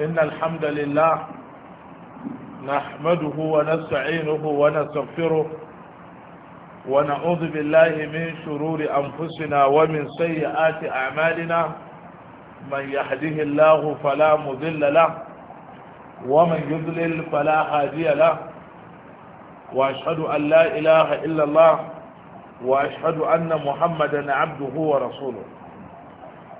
إن الحمد لله نحمده ونستعينه ونستغفره ونعوذ بالله من شرور أنفسنا ومن سيئات أعمالنا من يهده الله فلا مذل له ومن يذلل فلا هادي له وأشهد أن لا إله إلا الله وأشهد أن محمدا عبده ورسوله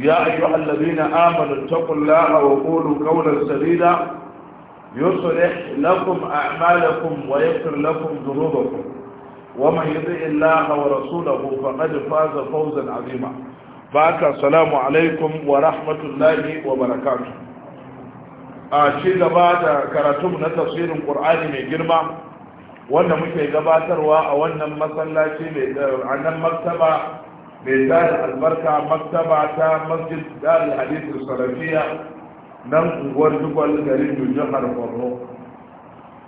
يا أيها الذين آمنوا اتقوا الله وقولوا قولا سديدا يصلح لكم أعمالكم ويغفر لكم ذنوبكم ومن يطع الله ورسوله فقد فاز فوزا عظيما بارك السلام عليكم ورحمة الله وبركاته أشيد آه، بعد كرتم نتصير القرآن من جرمه wanda muke gabatarwa a مصلاتي عن المكتبة mai tarin albarka maktaba ta masjid dalil hadithu salafiya nan unguwar dubal garin jihar borno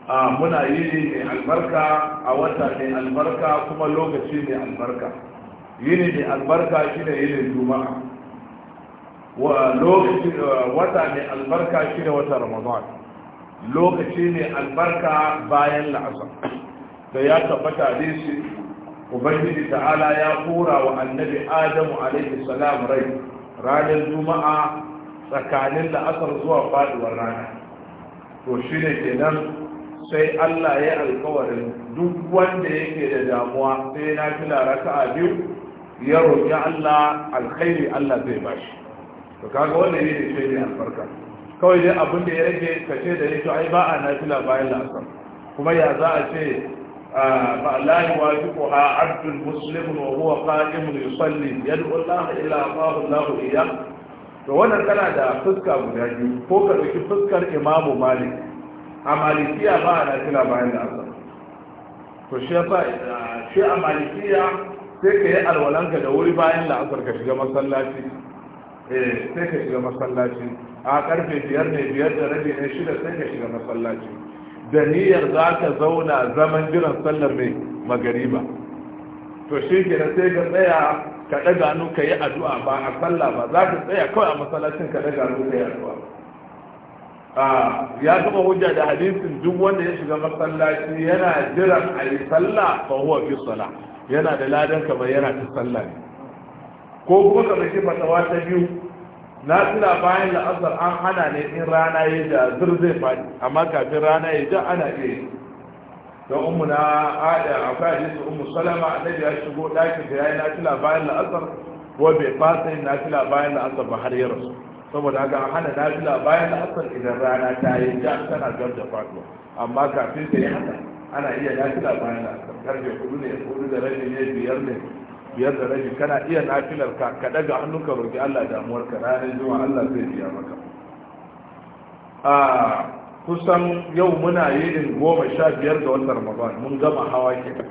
a muna yini mai albarka a wata mai albarka kuma lokaci mai albarka yini mai albarka ne yinin juma'a lokaci eh, wata mai albarka ne wata ramadan lokaci mai albarka bayan la'asar da ya tabbata shi. ubangiji ta'ala ya kora wa annabi adamu alaihi salam rai ranar juma'a tsakanin la'asar zuwa faduwar rana to shi ne kenan sai allah ya alkawarin duk wanda yake da damuwa sai na fila raka'a biyu ya roƙi allah alkhairi allah zai bashi to kaga wannan ne ce ne albarka kawai dai abin da ya rage kace da yake ai ba a nafi bayan la'asar kuma ya za a ce فلا يواجهها عبد مسلم وهو قائم يصلي يدعو الله إلا أعطاه الله إياه to wannan tana da fuska guda biyu ko ka ɗauki fuskar imamu a malikiya ba a nafila bayan da to shi yasa shi a malikiya sai ka yi alwalanka da wuri bayan da asar ka shiga masallaci eh, sai ka shiga masallaci a karfe biyar ne biyar da rabi ne shida sai ka shiga masallaci da niyyar za ka zauna zaman jiran sallar mai magariba to shi ke na sai ka tsaya ka ɗaga nu ka yi addu'a ba a sallah ba za ka tsaya kawai a masallacin ka ɗaga nu ka yi addu'a ya taɓa hujja da hadisin duk wanda ya shiga masallaci yana jiran a yi sallah fa huwa fi sala yana da ladan kamar yana ta sallah ne ko kuma kamar shi fatawa ta biyu na tuna bayan la'asar an hana ne in rana ya ja zir zai faɗi amma kafin rana ya ja ana ke da don umu na a akwai su umu salama annabi ya shigo ɗakin da ya na nafila bayan la'asar ko bai fasa yin nafila bayan la'asar ba har ya rasu saboda haka an hana nafila bayan la'asar idan rana ta yi ja tana gab da faɗuwa amma kafin ta yi haka ana iya nafila bayan la'asar karfe hudu ne hudu da rabi ne biyar ne biyar da rabi kana iya nafilar ka ka daga hannun roƙi Allah damuwar ka ranar zuwa Allah zai biya maka a kusan yau muna yin goma sha biyar ga wata Ramadan mun gama hawa ke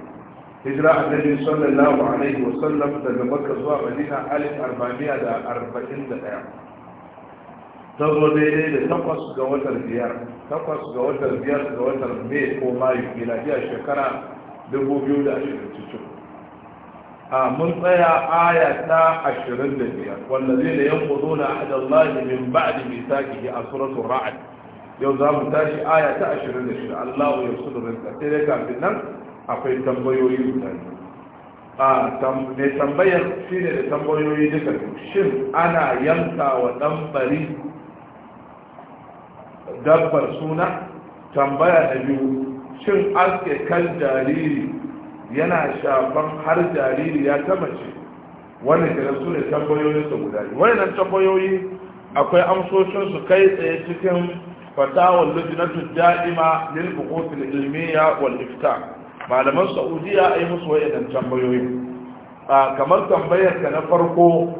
hijira Sallar sallallahu alaihi wa sallam daga Makka zuwa Madina alif arba'iya da arba'in da ɗaya ta zo daidai da takwas ga watan biyar takwas ga watan biyar ga watan mai ko mayu miladiya shekara dubu biyu da ashirin cikin a mun tsaya aya ta 25 wallazina da ahdallahi min ba'di mithaqihi a suratul ra'd yau za mu tashi aya ta 26 Allahu yasudu rizqa sai dai kafin nan akwai a ne tambayar shine da tambayoyi duka shin ana yanka wa dan bari dabbar suna tambaya da biyu shin aske kan jariri yana shafan har jariri ya ta mace wanda kira su ne tambayoyin su guda biyu wannan tambayoyi akwai amsoshin su kai tsaye cikin fatawar lujnatu da'ima lil buqut al ilmiya wal ifta malaman saudiya ai musu wayannan tambayoyi kamar tambayar ka na farko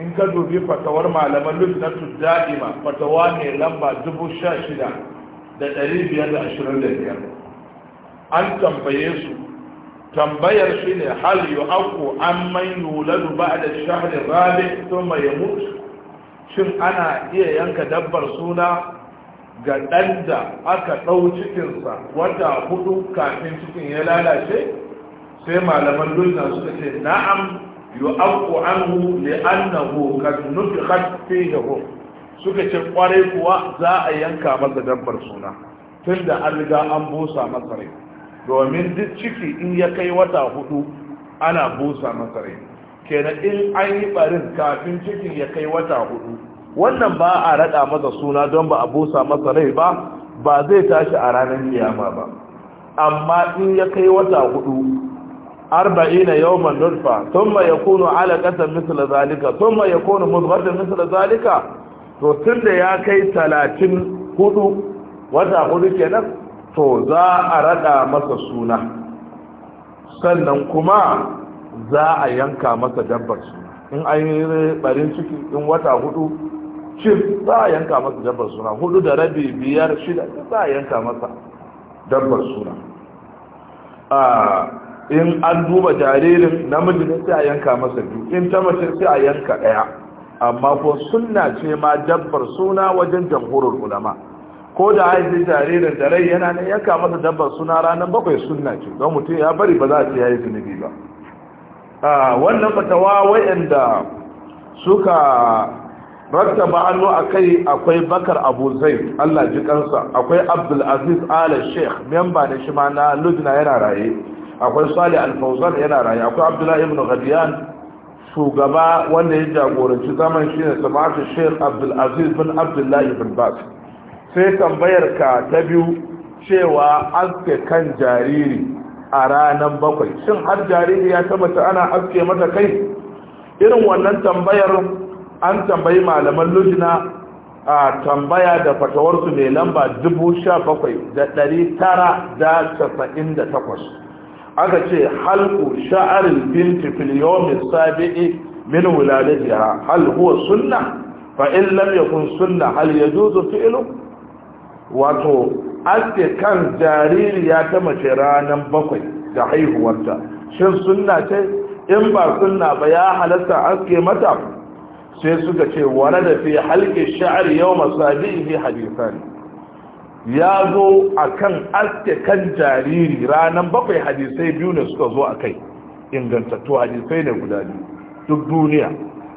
in ka dubi fatawar malaman lujnatu da'ima fatawa ne lamba da biyar an tambaye su tambayar shi ne hal yu aku an man yuladu da shahri rabi mai yamut shin ana iya yanka dabbar suna ga ɗan da aka ɗau cikinsa wata hudu kafin cikin ya lalace sai malaman dunya suka ce na'am yu aku anhu annahu kad nufikhat fihi suka ce kwarai kuwa za a yanka masa dabbar suna tunda an riga an bosa masa rai domin duk ciki in ya kai wata hudu ana busa masa rai kenan in an yi barin kafin cikin ya kai wata hudu wannan ba a raɗa masa suna don ba a busa masa rai ba ba zai tashi a ranar kiyama ba amma in ya kai wata hudu arba'ina yawman ma ya yakunu alaƙasar mithla zalika ya yakunu mudghatan mithla zalika to tun da ya kai talatin huɗu, wata hudu kenan to za a rada masa suna sannan kuma za a yanka masa dabbar suna in an yi barin ciki in wata hudu cif za a yanka masa dabbar suna hudu da rabi biyar shida za a yanka masa dabbar suna in an duba jaririn namiji ne sai a yanka masa biyu in ta mace sai a yanka daya amma ko sunna ce ma dabbar suna wajen jamhurar ulama ko da haifi jaririn da rai yana ne ya kama da dabbar suna ranar bakwai suna ce don mutum ya bari ba za su ce ya yi zunubi ba wannan fatawa wayanda suka rakta ba'anu a kai akwai bakar abu zai allah ji kansa akwai abdulaziz ala sheikh memba da shi ma na lujina yana raye akwai salih alfauzan yana raye akwai abdullahi ibn ghadiyan shugaba wanda ya jagoranci zaman shi ne samatu sheikh abdulaziz bin abdullahi bin basu sai tambayar ka ta biyu cewa aske kan jariri a ranar bakwai shin har jariri ya ta ana aske mata kai irin wannan tambayar an tambayi malaman lujina a tambaya da fatawarsu mai lamba 17,998 aka ce halku sha'arin binti filiyomis sabi'i min wulalatiha hal huwa sunna fa kun suna yakun sunna hal yajuzu fiilu wato aske kan jaririya ta mace ranar bakwai da haihuwarta shin sunna ce in ba sunna ba ya halatta aske mata sai suka ce wani da fi halke sha'ar yau masabi ne hadisan ya zo a kan aske kan jariri ranar bakwai hadisai biyu ne suka zo a kai ingantattu hadisai ne guda biyu duk duniya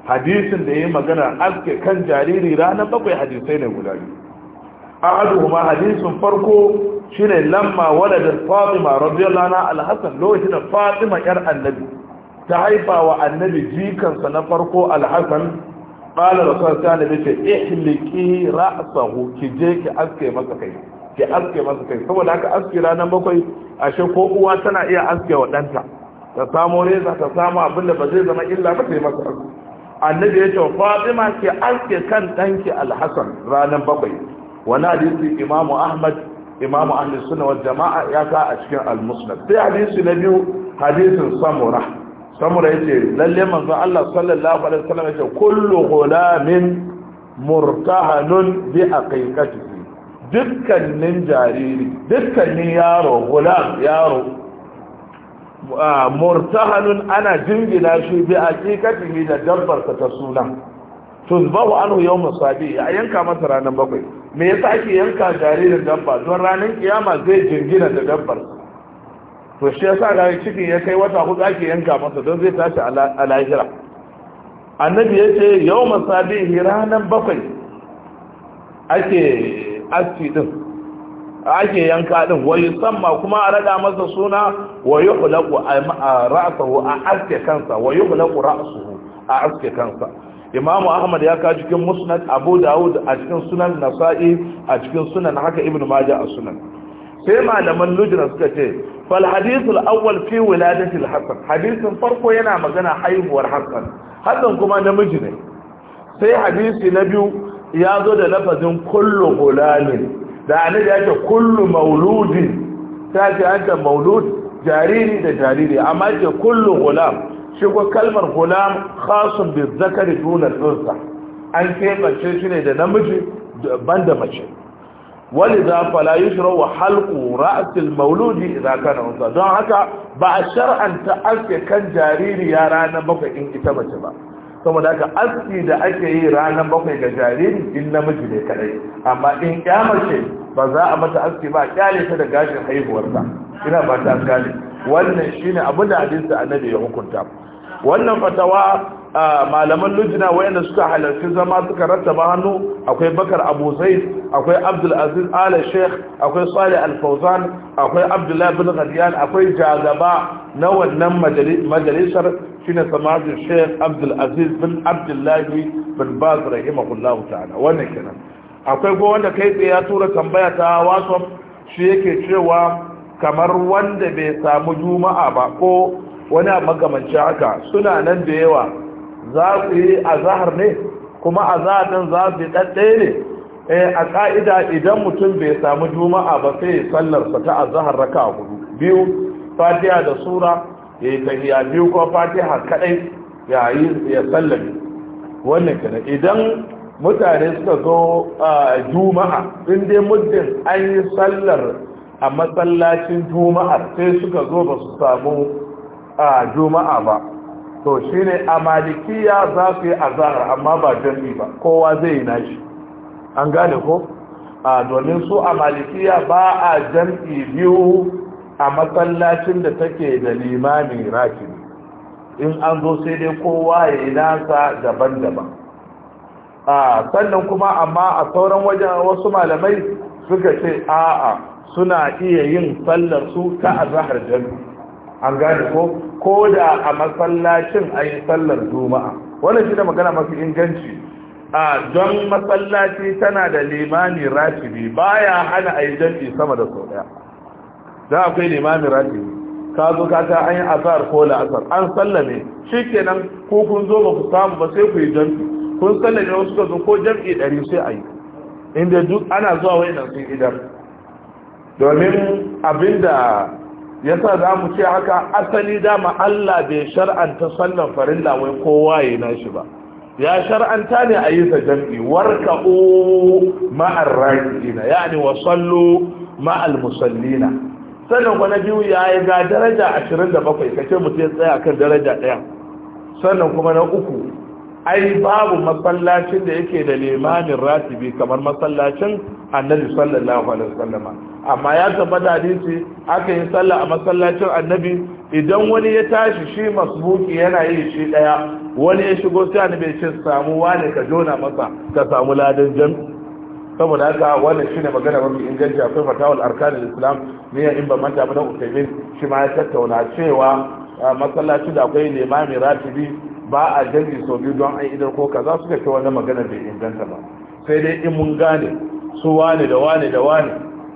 hadisin da ya yi magana aske kan jariri ranar bakwai hadisai ne guda biyu A ahaduhuma hadisin farko shine lamma waladat fatima radiyallahu anha al-hasan lokacin da fatima yar annabi ta haifa annabi jikansa na farko al-hasan qala rasul ta nabi ce ihliki ra'sahu ki je ki aske masa kai ki aske masa kai saboda haka aske ranan bakwai ashe ko uwa tana iya aske wa danta ta samu reza ta samu abin da ba zai zama illa ba sai masa annabi ya ce fatima ki aske kan danki al-hasan ranan bakwai wani hadisi imamu ahmad imamu ahli sunna wal jama'a ya sa a cikin al-musnad sai hadisi na biyu hadisin samura samura yace lalle manzo Allah sallallahu alaihi wasallam yace kullu ghulamin murtahanun bi aqiqatihi dukkanin jariri dukkanin yaro gulam yaro ah, murtahanun ana jingina shi bi aqiqatihi da dabbar ta suna tuzbahu anu yawm as-sabi a yanka masa ranar bakwai me yasa ake yanka jaririn dabba don ranar kiyama zai jingina da dabbar to shi yasa da cikin ya kai wata hudu ake yanka masa don zai tashi a lahira annabi ya ce yawm as ranar bakwai ake asti din ake yanka din wa yusamma kuma a rada masa suna wa yuhlaqu ra'sahu a aske kansa wa yuhlaqu ra'suhu a aske kansa Imamu ahmad ya ka cikin musnad abu dawud a cikin sunan nasa'i a cikin sunan haka ibnu majah a sunan sai malaman lujna suka ce fal hadithul awwal fi wiladatil hasan hadithin farko yana magana haihuwar hasan hasan kuma namiji ne sai hadisi na biyu ya zo da lafazin kullu gulamin da annabi ya ce kullu mauludin ta ce anta maulud jariri da jariri amma ce kullu gulam shi ko kalmar gulam khasun bi zakari duna tsunsa an keɓance shi ne da namiji ban da mace wani za fala yi shirar wa halku ra'asil mauludi idan kana unsa don haka ba a shar'anta aske kan jariri ya ranar bakwai in ita mace ba saboda haka aski da ake yi ranar bakwai ga jariri in namiji ne kadai amma in ya mace ba za a mata aski ba kyale ta da gashin haihuwarsa ina ba ta gane wannan shine abin da hadisi annabi ya hukunta wannan fatawa malaman lujina wayanda suka halarci zama suka rattaba hannu akwai bakar abu zaid akwai abdul aziz ala sheikh akwai salih al fawzan akwai abdullahi bin ghadiyan akwai jagaba na wannan majalisar shine samajin sheikh abdul aziz bin abdullahi bin baz rahimahullahu ta'ala wannan kenan akwai go wanda kai tsaye ya tura tambaya ta whatsapp shi yake cewa kamar wanda bai samu juma'a ba ko wani magamanci haka suna nan da yawa za su yi azahar ne kuma a nan za su yi ɗaɗɗaya ne eh, a ƙa'ida idan mutum bai samu juma'a ba sai sallarsa ta azahar raka hudu biyu fatiha da sura ya yi biyu ko fatiha kaɗai ya yi ya sallami wannan kenan idan mutane suka zo juma'a inda muddin an yi sallar a masallacin juma'a sai suka zo ba su samu juma'a ba to shi a malikiya za su yi azahar amma ba jami ba kowa zai yi nashi an gane ko a domin su a malikiya ba a jami biyu a masallacin da take da limami rafi in an zo sai dai kowa ya yi nasa daban-daban a sannan kuma amma a sauran wajen wasu malamai suka ce a'a suna iya yin sallar su ta azahar jami an gane ko ko da a masallacin yi sallar juma'a wannan shi da magana mafi inganci a don masallaci tana da limami ratibi baya hana ayi jami sama da sau daya a akwai limani ratibi ka zo ka ta an yi azahar ko la'asar an sallame shikenan ko kun zo ba ku samu ba sai ku yi jami kun sallame wasu ka ko jam'i ɗari sai a yi inda duk ana zuwa wai nan sun idan domin abinda ya sa za mu ce haka asali dama Allah bai shar'anta sallan farin lawai kowa ya na shi ba ya shar'anta ne a yi ta jam'i warka'u ma'ar raki'ina yani wa sallu ma'al musallina sannan kwana biyu ya yi ga daraja 27 kace mutum ya tsaya kan daraja ɗaya sannan kuma na uku ai babu masallacin da yake da limamin ratibi kamar masallacin annabi sallallahu alaihi wasallam amma ya tabbata hadisi aka yi sallah a masallacin annabi idan wani ya tashi shi masbuki yana yi shi daya wani ya shigo sai annabi ya ce samu wani ka jona masa ka samu ladan Jan saboda haka wannan shine magana mafi inganci akwai fatawul arkanul islam ne ya in ba manta ba na shi ma ya tattauna cewa masallaci da akwai limami ratibi ba a jami sau biyu don an idar ko kaza suka ce wani magana bai inganta ba sai dai in mun gane su wane da wane da wane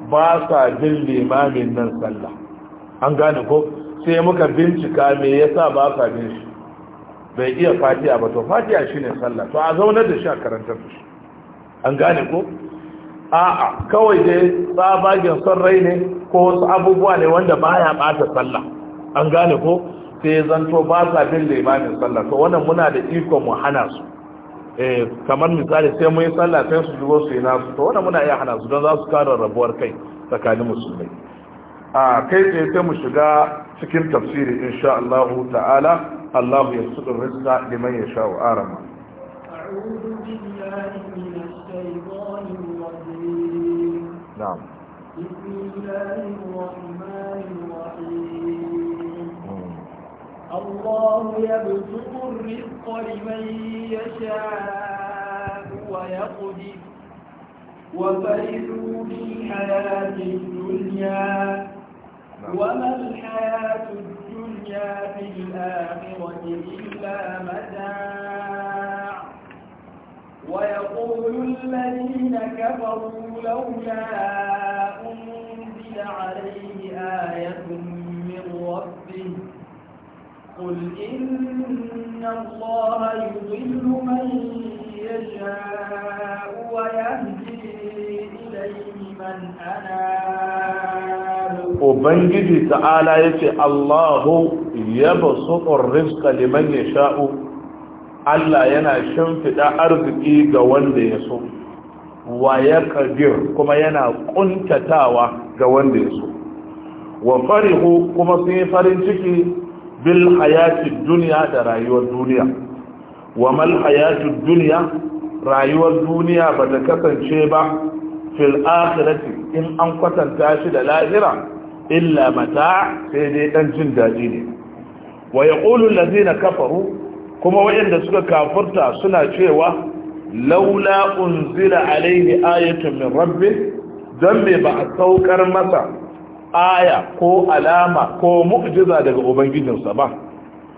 ba sa bin limamin nan sallah an gane ko sai muka bincika me yasa ba sa bin shi bai iya fatiya ba to fatiya shine sallah to a zaunar da shi a karantar da shi an gane ko a'a kawai dai tsabagen son rai ne ko wasu abubuwa ne wanda baya bata sallah an gane ko sai zanto ba sa bin limamin sallah to wannan muna da iko mu hana su eh kamar misali sai mu yi sallah sai su shigo su yi nasu to wannan muna iya hana su don za su kara rabuwar kai tsakanin musulmai a kai tsaye sai mu shiga cikin tafsiri insha Allah ta'ala Allah ya sudu rizqa liman ya sha'u arama الله يبسط الرزق لمن يشاء ويقدر وفرحوا بالحياة الدنيا وما الحياة الدنيا في الآخرة إلا متاع ويقول الذين كفروا لولا أنزل عليه آية من ربه قل إن الله يضل من يشاء ويهدي إليه من أناب Ubangiji ta'ala ya ce, Allahu ya ba suƙon rizka liman ya sha'u, Allah yana shan fiɗa arziki ga wanda ya so, wa ya ƙadir kuma yana ƙuntatawa ga wanda ya so. Wa farihu kuma sun yi farin ciki bil hayatid duniya da rayuwar duniya wa mal duniya rayuwar duniya ba ta kasance ba fil akhirati in an kwatanta shi da lahira illa mata sai dai dan jin daji ne wa yaqulu allazina kafaru kuma wayanda suka kafurta suna cewa laula unzila alayhi ayatun min rabbih dan me ba a saukar masa aya ko alama ko mu'jiza daga ubangijinsa ba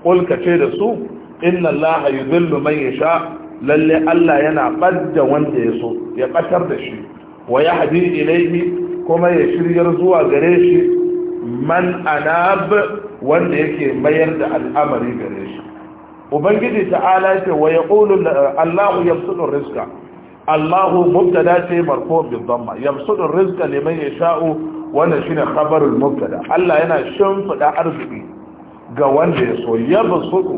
kulka ce da su inna allaha yuzillu man sha. lalle Allah yana badda wanda ya so ya batar da shi wa yahdi ilayhi kuma ya shiryar zuwa gare shi man anab wanda yake mayar da al'amari gare shi ubangiji ta'ala ce wa yaqulu Allahu yabsutu riska? Allahu mubtada ce marko bi dhamma yabsutu rizqa liman yasha'u wannan shine khabarul mubtada Allah yana shimfida arziki ga wanda ya so yabsutu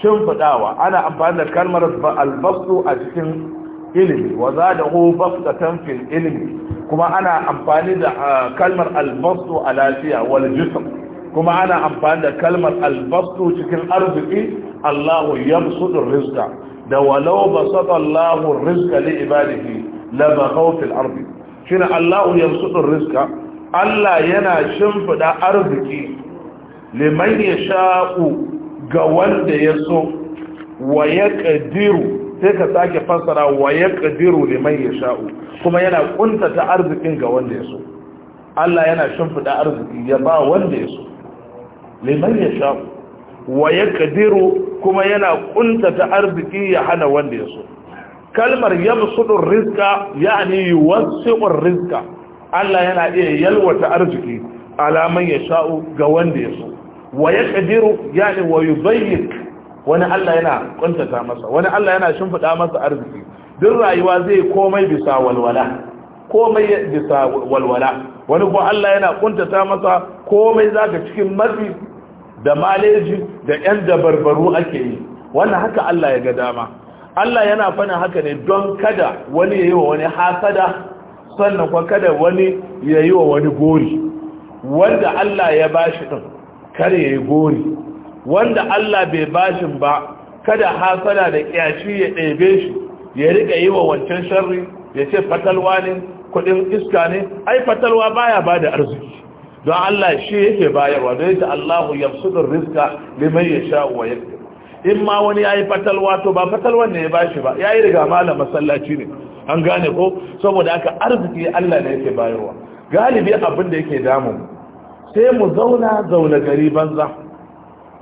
shimfidawa ana amfani da kalmar albasu a cikin ilimi wa zadahu basatan fil ilmi kuma ana amfani da ah, kalmar albasu a lafiya wal jism kuma ana amfani da kalmar albasu cikin arziki Allahu yabsutu rizqa da walau basata Allahu rizqa li ibadihi la baghaw fil ardi shine Allahu yamsutu rizqa Allah yana shimfida arziki liman yasha'u ga wanda ya so wa yaqdiru sai ka sake fassara wa yaqdiru liman yasha'u kuma yana kuntata arzikin ga wanda ya so Allah yana shimfida arziki ya ba wanda ya so liman yasha'u wa yaqdiru kuma yana kuntata arziki ya hana wanda ya so kalmar yabsudur rizqa yani yuwassi'ur rizqa Allah yana iya yalwata arziki alaman ya sha'u ga wanda ya so wa yaqdiru yani wa yubayyin wani Allah yana kuntata masa wani Allah yana shimfida masa arziki duk rayuwa zai komai bisa walwala komai bisa walwala wani ko Allah yana kuntata masa komai zaka cikin matsi da maleji da yan dabarbaru ake yi wannan haka Allah ya ga dama Allah yana fana haka ne don kada wani ya yi wa wani hasada sannan kwa kada wani ya yi wa wani gori wanda Allah ya bashi ɗin kada ya yi gori wanda Allah bai bashin ba kada hasada da ƙyashi ya ɗebe shi ya riƙa yi wa wancan shari ya ce fatalwa ne kuɗin iska ne ai fatalwa baya ba da arziki don Allah shi yake bayarwa don yake Allah ya fi riska liman ya sha'uwa wa yadda in ma wani ya yi fatalwa to ba fatalwar ne ya ba shi ba ya yi riga malam masallaci ne an gane ko saboda aka arziki allah ne yake bayarwa galibi abin da yake damu sai mu zauna zaune gari banza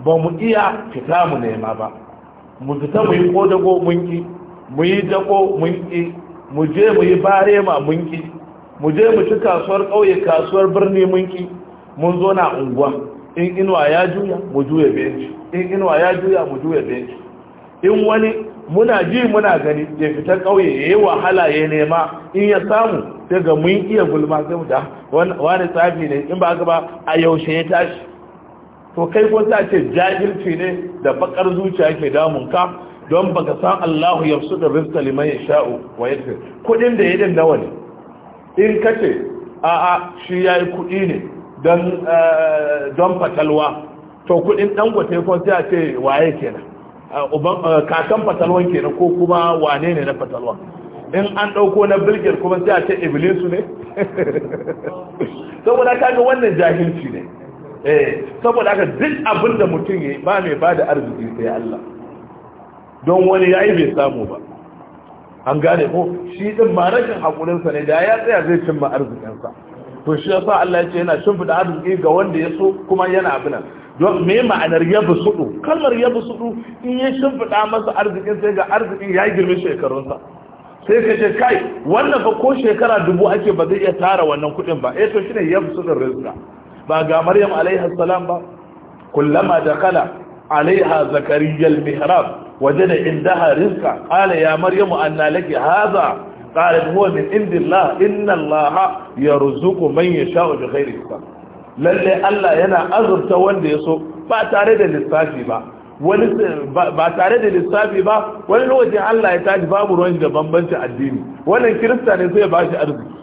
ba mu iya fita mu nema ba mu fita mu yi kodago mun ki mu yi dako mun mu je mu yi barema mun ki mu je mu ci kasuwar ƙauye kasuwar birni mun ki mun zo na unguwa in inuwa ya juya mu juya benci in inuwa ya juya mu juya benci in wani muna ji muna gani ya fita ƙauye ya yi wahala ya nema in ya samu daga mun iya gulma sai mu da ah, wani tsafi ne in ba ka ba a yaushe ya tashi to kai ko ta ce jahilci ne da bakar zuciya ke damun ka don baka san Allahu da rizka liman yasha'u wa yadfir kudin da din nawa ne in kace a a shi ya yi kudi ne don eh, fatalwa to kudin dangote ko sai a ce waye kenan uban kakan fatalwan kenan ko kuma wane ne na fatalwan in an dauko na bilgir kuma sai a ce iblisu ne saboda kaga wannan jahilci ne eh saboda haka duk abin da mutum yayi ba mai bada arziki sai Allah don wani yayi bai samu ba an gane ko shi din ma rashin hakurinsa ne da ya tsaya zai cimma arzikinsa to shi yasa Allah ya ce yana fida arziki ga wanda ya so kuma yana abin nan don me ma'anar yabsudu kalmar yabsudu in ya shimfida masa arzikin sai ga arzikin ya girmi shekarunsa sai ka ce kai wannan fa ko shekara dubu ake ba zai iya tara wannan kuɗin ba eh to shine yabsudun rizqa ba ga Maryam alaiha salam ba kullama kala alaiha zakariya al-mihrab da indaha rizqa qala ya maryamu anna haza. قالت هو من عند الله إن الله يرزق من يشاء بغير حساب lalle Allah yana azurta wanda ya so ba tare da lissafi ba wani ba tare da lissafi ba wani Allah ya tashi babu ruwan da bambancin addini wannan kirista ne sai ba shi arziki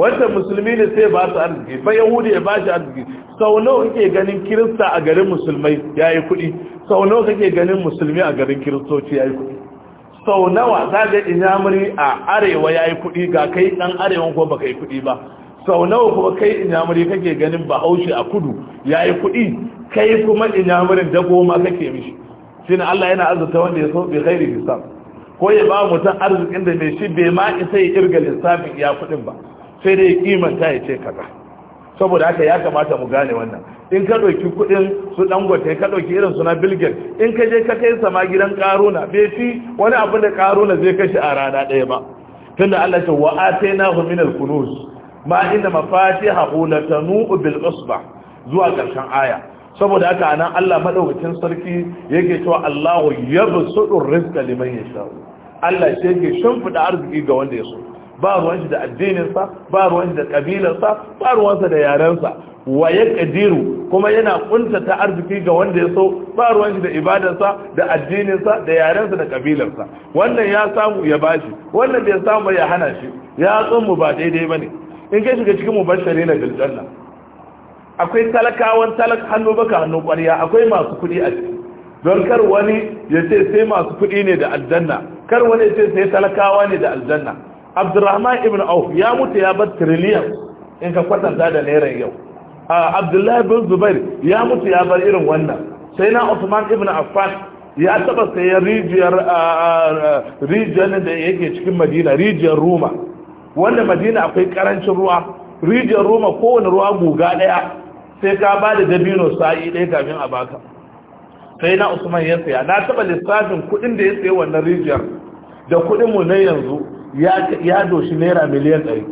wannan musulmi ne sai ba su arziki ba yahudi ya ba shi arziki sau nawa kake ganin kirista a garin musulmai yayi kuɗi sau nawa kake ganin musulmi a garin kiristoci yayi kuɗi sau nawa za ga inyamuri a arewa ya yi kuɗi ga kai dan arewa ko baka yi kuɗi ba sau nawa kuma kai inyamuri kake ganin bahaushe a kudu ya yi kuɗi kai kuma inyamurin da goma kake mishi shi ne allah yana arzuta wanda ya so bai kairi hisab ko ya ba mutum arzikin da mai shi bai ma isa ya irga lissafin ya kuɗin ba sai dai kimanta ya ce kaza saboda haka ya kamata mu gane wannan in ka ɗauki kuɗin su dangote ka ɗauki irin suna bilgin in ka je ka kai sama gidan ƙaruna bai fi wani abu da ƙaruna zai kashe a rana ɗaya ba tunda Allah ce wa na hu min al-kunuz ma haƙula ta nu'u bil usba zuwa ƙarshen aya saboda haka nan, Allah maɗaukacin sarki yake cewa Allahu yabsutur rizqa liman ya yasha Allah shi yake fiɗa arziki ga wanda ya so ba ruwan shi da addininsa ba ruwan shi da ƙabilarsa ba ruwansa da yarensa wa ya kadiru kuma yana ta arziki ga wanda ya so ba ruwan shi da ibadarsa da addininsa da yarensa da ƙabilarsa. wannan ya samu ya bashi wannan bai samu ya hana shi ya mu ba daidai bane in kai shiga cikin mubashari na biljanna akwai talakawan talak hannu baka hannu ƙwarya akwai masu kuɗi a ciki don kar wani ya ce sai masu kuɗi ne da aljanna kar wani ya ce sai talakawa ne da aljanna abdurrahman ibn auf ya mutu ya bar trillion in ka kwatanta da nairan yau abdullahi bin zubair ya mutu ya bar irin wannan sai na usman ibn affan ya taba sayan rijiyar rijiyar da yake cikin madina rijiyar roma wanda madina akwai karancin ruwa rijiyar roma kowane ruwa guga daya sai ka ba da dabino sa'i ɗaya kafin a baka sai na usman ya saya na taba lissafin kuɗin da ya sayi wannan rijiyar da kuɗin mu na yanzu ya doshi naira miliyan ɗari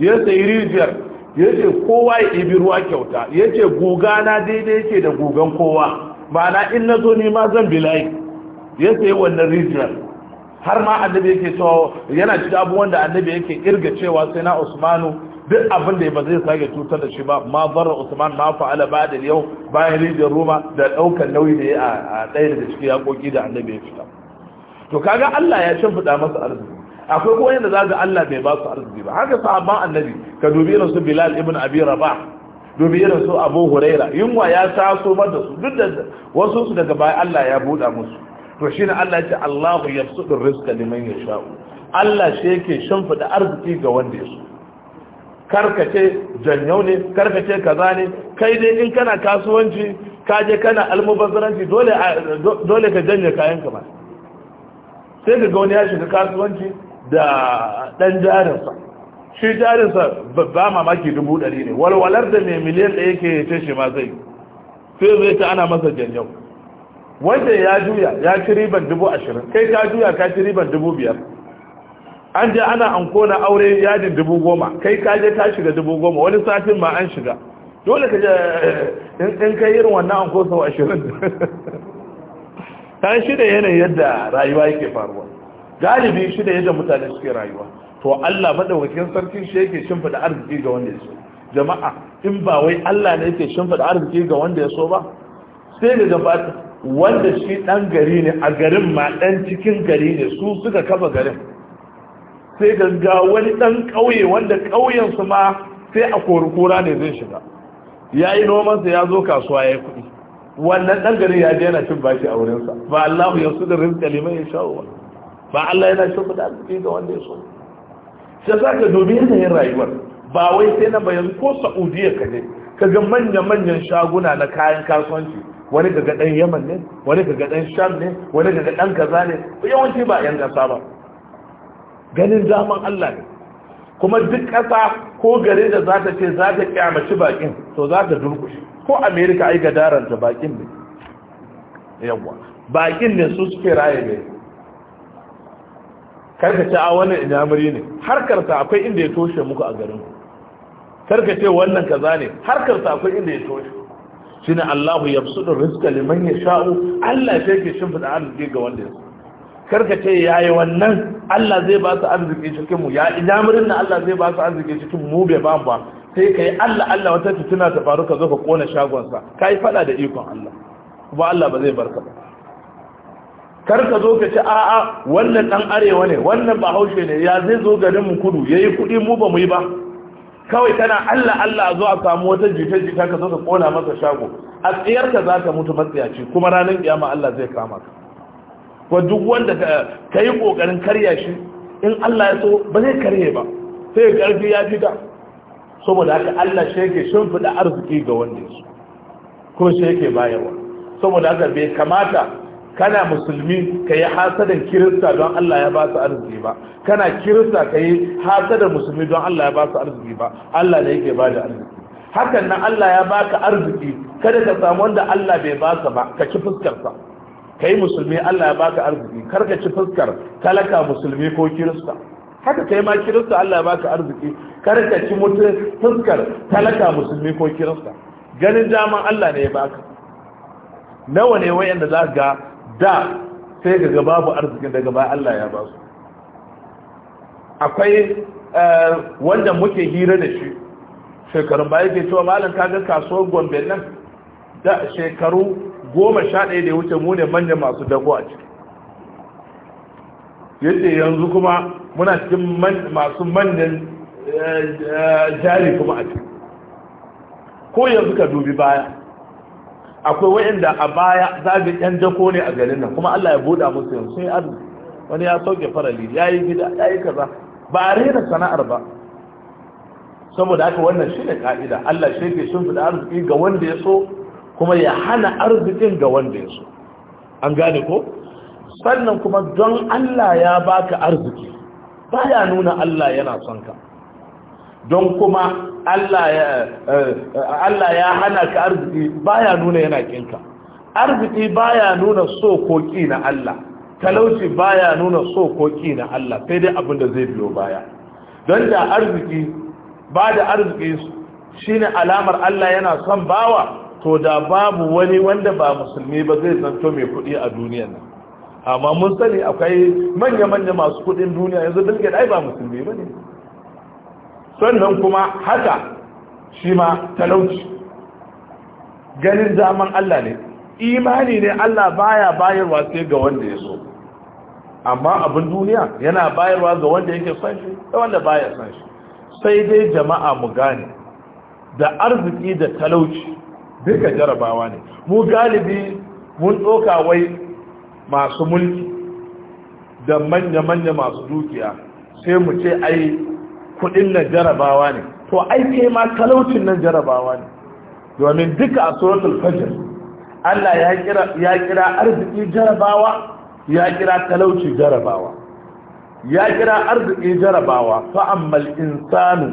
ya sayi rijiyar ya ce kowa ya ibi ruwa kyauta ya ce guga na daidai yake da gugan kowa na in na zo nima zan bilayi ya sayi wannan rijiyar har ma annabi yake cewa yana ci abubuwan da annabi yake kirga cewa sai na usmanu duk abin da ba zai sake cutar da shi ba ma zarra usman ma fa'ala ba da yau bayan rijiyar roma da ɗaukar nauyi da ya a ɗaya daga cikin yakoki da annabi ya fita to kaga Allah ya shimfiɗa masa arziki akwai ko wanda zaga Allah bai ba su arziki ba haka sahabban annabi ka dubi irin su Bilal ibn Abi Rabah dubi irin su Abu Huraira yunwa ya taso mata su duk da wasu su daga baya Allah ya buɗa musu to shine Allah ya ce Allahu yabsutu rizqa liman yasha Allah shi yake shimfida arziki ga wanda ya so karkace janyau ne karkace kaza ne kai dai in kana kasuwanci ka je kana almubazzaranci dole dole ka janye kayan ka ba sai ka ga wani ya shiga kasuwanci da ɗan jarinsa shi jarinsa ba mamaki dubu ɗari ne walwalar da mai miliyan ɗaya ke ce shi ma zai sai zai ta ana masa janyau wanda ya juya ya ci riban dubu ashirin kai ka juya ka ci riban dubu biyar an je ana anko na aure yadin dubu goma kai ka je ka shiga dubu goma wani satin ma an shiga dole ka je eh, in kai irin wannan anko sau ashirin ta shi da yanayin yadda rayuwa yake faruwa galibi shi da yadda mutane suke rayuwa to Allah madaukakin sarkin shi yake shimfida arziki ga wanda ya so jama'a in ba wai Allah ne yake shimfida arziki ga wanda ya so ba sai da gaba wanda shi dan gari ne a garin ma dan cikin gari ne su suka kafa garin sai ganga wani dan kauye wanda kauyen su ma sai a korukura ne zai shiga yayi noman sa ya zo kasuwa yayi kuɗi wannan dan gari ya daina cin bashi a wurin sa fa Allah ya sudur rizqa liman yasha'u ba Allah yana shi da arziki ga wanda ya so sai za ka dubi yanayin rayuwar ba wai sai na bayan ko sa'udiyya ka ne ka ga manya-manyan shaguna na kayan kasuwanci wani ga dan yaman ne wani ga dan sham ne wani ga dan kaza ne yawanci ba 'yan ƙasa ba ganin zaman Allah ne kuma duk ƙasa ko gare da za ta ce za ta kyamaci bakin to za ta durkushe ko amerika ai gadaranta bakin ne yawwa bakin ne su suke raye ne karka ce a wannan inamuri ne harkarsa akwai inda ya toshe muku a garin karka ce wannan kaza ne harkarsa akwai inda ya toshe shine Allahu yabsudu rizqa liman yasha'u Allah sai ke shimfida arziki ga wanda ya karka ce yayi wannan Allah zai ba su arziki cikin mu ya inamurin nan Allah zai ba su arziki cikin mu bai ba ba sai kai Allah Allah wata tuna ta faru ka zo ka kona shagon sa kai fada da ikon Allah kuma Allah ba zai barka ba kar ka zo ka ci a'a wannan dan arewa ne wannan bahaushe ne ya zai zo garin mu kudu yayi kudi mu ba mu yi ba kawai kana Allah Allah zo a samu wata jita-jita ka zo ka kona masa shago a ka za ka mutu matsiyaci kuma ranar kiyama Allah zai kama ka ko duk wanda ka yi kokarin karya shi in Allah ya so ba zai karye ba sai karfi ya fita saboda haka Allah shi yake shimfiɗa arziki ga wanda ya so kuma shi yake bayarwa saboda haka bai kamata kana musulmi ka yi hasadan kirista don Allah ya ba su arziki ba kana kirista ka yi hasadan musulmi don Allah ya ba su arziki ba Allah ne yake ba da arziki hakan nan Allah ya baka arziki kada ka samu wanda Allah bai sa ba ka ci fuskarsa kai musulmi Allah ya baka arziki kar ka ci fuskar talaka musulmi ko kirista haka kai ma kirista Allah ya baka arziki kar ka ci mutu fuskar talaka musulmi ko kirista ganin daman Allah ne ya baka nawa ne wayanda za ga da sai daga babu arzikin daga ba Allah ya ba su akwai eh, wanda muke hira da shi shekarun baya ke cewa malam ka kasuwar gombe nan da shekaru goma sha ɗaya da wuce mu ne manya masu dago a ciki yadda yanzu kuma muna cikin masu manyan eh, eh, jari kuma a ciki ko yanzu ka dubi baya akwai wa'inda a baya zagin yan jako ne a garin nan kuma Allah ya buɗa musu yanzu sun yi wani ya sauke farali ya yi gida ya yi kaza ba a rena sana'ar ba saboda haka wannan shi ne ka'ida Allah shi ke sun da arziki ga wanda ya so kuma ya hana arzikin ga wanda ya so an gane ko sannan kuma don Allah ya baka arziki baya nuna Allah yana son ka don kuma Eh, eh, Allah ya hana ka arziki baya nuna yana kinka arziki baya nuna so ko na Allah talauci baya nuna so ko na Allah sai dai abinda zai biyo baya don da arziki ba da arziki shine alamar Allah yana son bawa to da babu wani wanda ba musulmi ba zai zanto mai kuɗi a duniyar nan amma mun sani akwai manya-manya masu kuɗin duniya yanzu bilgid ai ba musulmi ba ne sannan kuma haka shi ma talauci ganin zaman Allah ne imani ne Allah baya bayarwa sai ga wanda ya so amma abin duniya yana bayarwa ga wanda yake son shi da wanda baya son shi sai dai jama'a mu gane da arziki da talauci duka jarabawa ne mu galibi mun tsoka wai masu mulki da manya-manya masu dukiya sai mu ce ai kudin nan jarabawa ne to aike ma talaucin nan jarabawa ne domin duka a suratul fajr Allah ya kira arziki jarabawa ya kira talauci jarabawa ya kira arziki jarabawa fa ammal insanu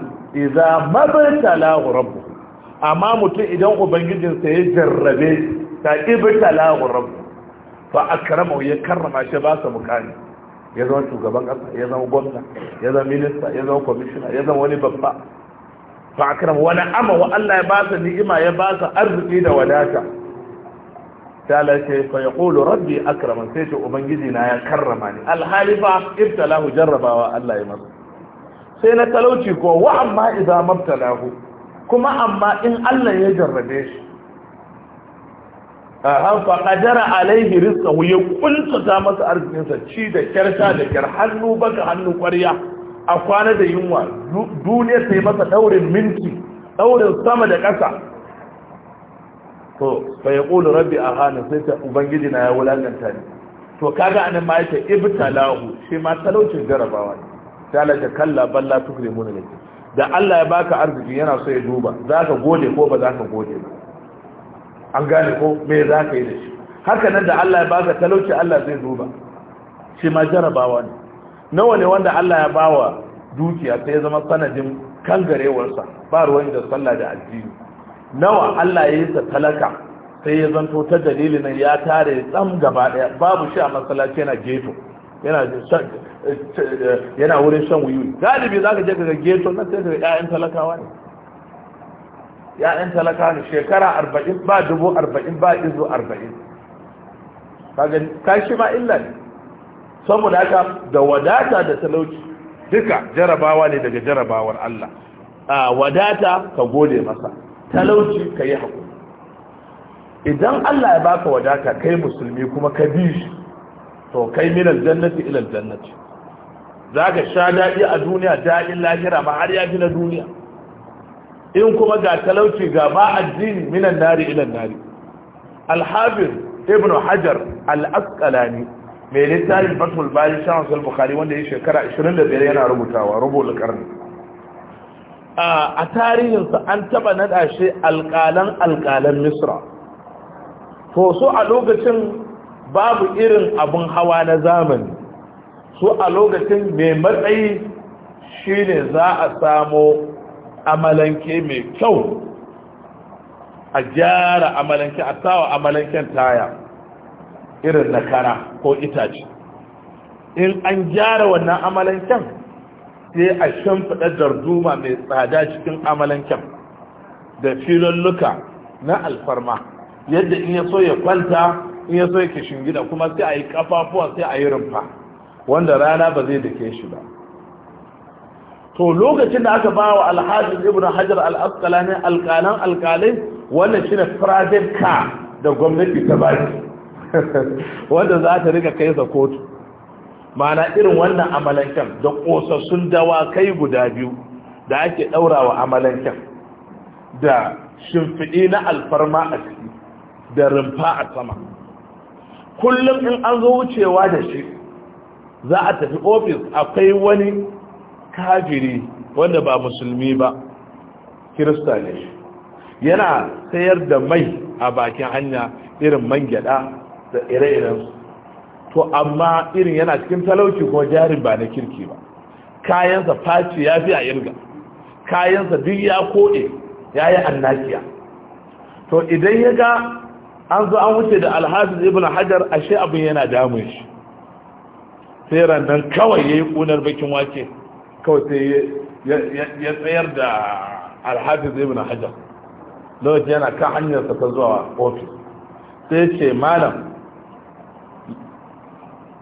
idza mabtalahu rabbuhu amma mutum idan ubangijinsa ya jarrabe ta ibtalahu rabbuhu fa akramahu ya karrama shi ba sa mukami ya zama shugaban ƙasa ya zama gwamna ya zama minista ya zama kwamishina ya zama wani babba fa akram wani ama wa Allah ya ba sa ni'ima ya ba sa arziki da wadata ta lace fa yaqulu rabbi akraman sai ce ubangiji na ya karrama ni alhali fa ibtalahu jarrabawa Allah ya masa sai na talauci ko wa amma idza mabtalahu kuma amma in Allah ya jarrabe shi fa qadara alaihi rizqahu ya kuntata masa arzikinsa ci da kyarta da kyar hannu baka hannu kwarya a kwana da yunwa duniya sai masa daurin minti daurin sama da ƙasa to fa yaqulu rabbi ahana sai ta ubangiji na ya wulakanta ni to kaga anan ma yake ibtalahu shi ma talaucin jarabawa ne kalla balla tukrimuna da Allah ya baka arziki yana so ya duba zaka gode ko ba zaka gode ba an gane ko me za ka yi da shi haka nan da Allah ya baka talauci Allah zai duba shi ma jarabawa ne nawa ne wanda Allah ya bawa dukiya sai ya zama sanadin kan kangarewarsa ba ruwan da sallah da addini nawa Allah ya yi sa talaka sai ya zanto ta dalilin nan ya tare tsam gaba daya babu shi a masallaci yana geto yana eh, eh, yana wurin shan wuyu galibi zaka je ka ga geto nan sai ka ga ƴaƴan talakawa ne ya'yan talaka ne shekara arba'in ba dubu arba'in ba izu arba'in ka ma illa ne saboda haka da wadata da talauci duka jarabawa ne daga jarabawar Allah a wadata ka gode masa talauci ka yi haƙuri idan Allah ya baka wadata kai musulmi kuma ka bi shi to kai minal jannati ilal jannati zaka sha daɗi a duniya daɗin lahira ma har ya fi na duniya in kuma ga talauci ga ba addini minan nari ilan nari alhabir ibn hajar al-asqalani mai littafin fatul bayan shan wasu bukari wanda ya shekara 25 yana rubutawa rubuta karni a tarihinsa an taba naɗa shi alƙalan alƙalan misra to su a lokacin babu irin abin hawa na zamani su a lokacin mai matsayi shine za a samo amalanke mai kyau a gyara amalanke a sawa amalanken taya irin na kara ko itace in an gyara wannan amalanken sai a shimfiɗa darduma mai tsada cikin amalanken da filalluka na alfarma yadda in ya so ya kwanta in ya so ya kishin gida kuma sai a yi kafafuwa sai a yi rumfa wanda rana ba zai dake shi ba to lokacin da aka bawa alhaji ibn hajar al-asqalani alkalan alkalai wannan ne private car da gwamnati ta baki wanda za ta rika kai sa kotu mana irin wannan amalankan da kosassun dawakai guda biyu da ake ɗaurawa amalankan da shimfiɗi na alfarma a ciki da rumfa a sama kullum in an zo wucewa da shi za a tafi ofis akwai wani kafiri wanda ba musulmi ba kirista ne yana sayar da mai a bakin hanya irin man gyada da ire-iren to amma irin yana cikin talauci ko jarin ba na kirki ba kayansa faci ya fi a irga kayansa duk ya koɗe ya yi annakiya to idan ya ga an zo an wuce da alhazin ibn hajar ashe abin yana damun shi sai rannan kawai ya yi ƙunar bakin wake kawai sai ya tsayar da alhafiz ibn hajar lokaci yana kan hanyarsa ta zuwa ofis sai ce malam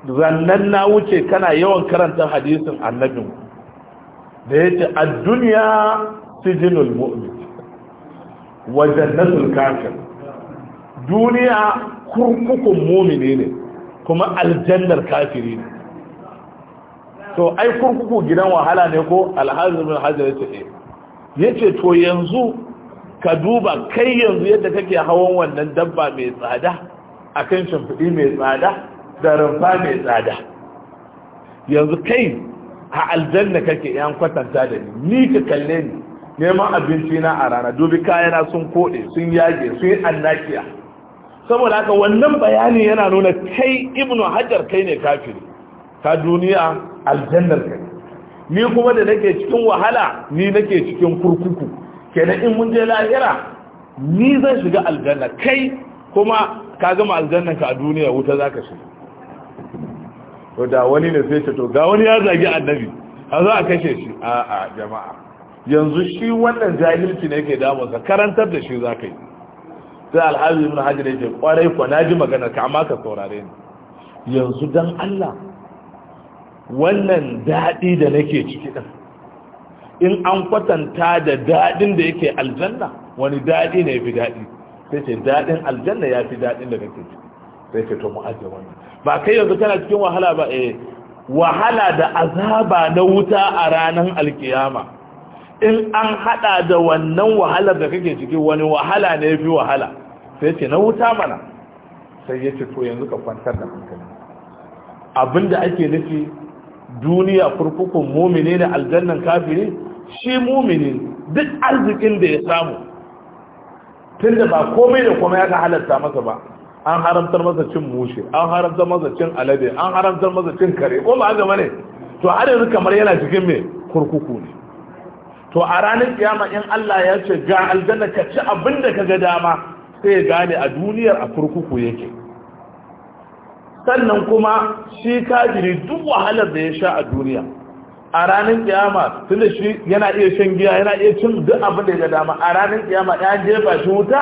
zannan na wuce kana yawan karanta hadisin annabin da ya ce a duniya sijinul mu'min wajen jannatul kafir duniya kurkukun mumini ne kuma aljannar kafiri ne to ai kurkuku gidan wahala ne ko alhazimin hajjar ya ce eh. ya ce to yanzu ka duba kai yanzu yadda kake hawan wannan dabba mai tsada a kan shimfiɗi mai tsada da rumfa mai tsada yanzu kai a aljanna kake yan kwatanta da ni ni ka kalle ni neman abinci na a rana dubi kayana sun koɗe sun yage sun yi annakiya saboda haka wannan bayani yana nuna kai ibnu hajar kai ne kafiri ta duniya aljannar ka ni kuma da nake cikin wahala ni nake cikin kurkuku kenan in mun je lahira ni zan shiga aljanna kai kuma ka gama aljannar ka a duniya wuta zaka shiga to da wani ne sai ce to ga wani ya zagi annabi a za a kashe shi a a jama'a yanzu shi wannan jahilci ne yake damunsa karantar da shi zaka yi sai alhaji ibn ne yake kwarai ko ji magana ka amma ka saurare ni yanzu dan Allah wannan daɗi da nake ciki ɗin in an kwatanta da daɗin da yake aljanna wani daɗi ne ya fi daɗi sai ce daɗin aljanna ya fi daɗin da nake ciki sai ce to mu ajiye wannan ba kai yanzu kana cikin wahala ba eh wahala da azaba na wuta a ranar alkiyama in an hada da wannan wahalar da kake ciki wani wahala ne ya fi wahala sai ce na wuta mana sai ya ce to yanzu ka kwantar da hankali abinda ake nufi duniya kurkukun mumini ne aljannan kafiri shi mumini duk arzikin da ya samu tun da ba komai da komai aka halatta masa ba an haramtar masa cin mushe an haramtar masa cin alade an haramtar masa cin kare ko ba haka ne to har yanzu kamar yana cikin me kurkuku ne to a ranar kiyama in Allah ya ce ga aljanna ka ci abin da ka ga dama sai ya gane a duniyar a kurkuku yake sannan kuma shi kajiri duk wahalar da ya sha a duniya a ranar kiyama tun da shi yana iya shan giya yana iya cin duk abin da ya dama a ranar kiyama ya jefa shi wuta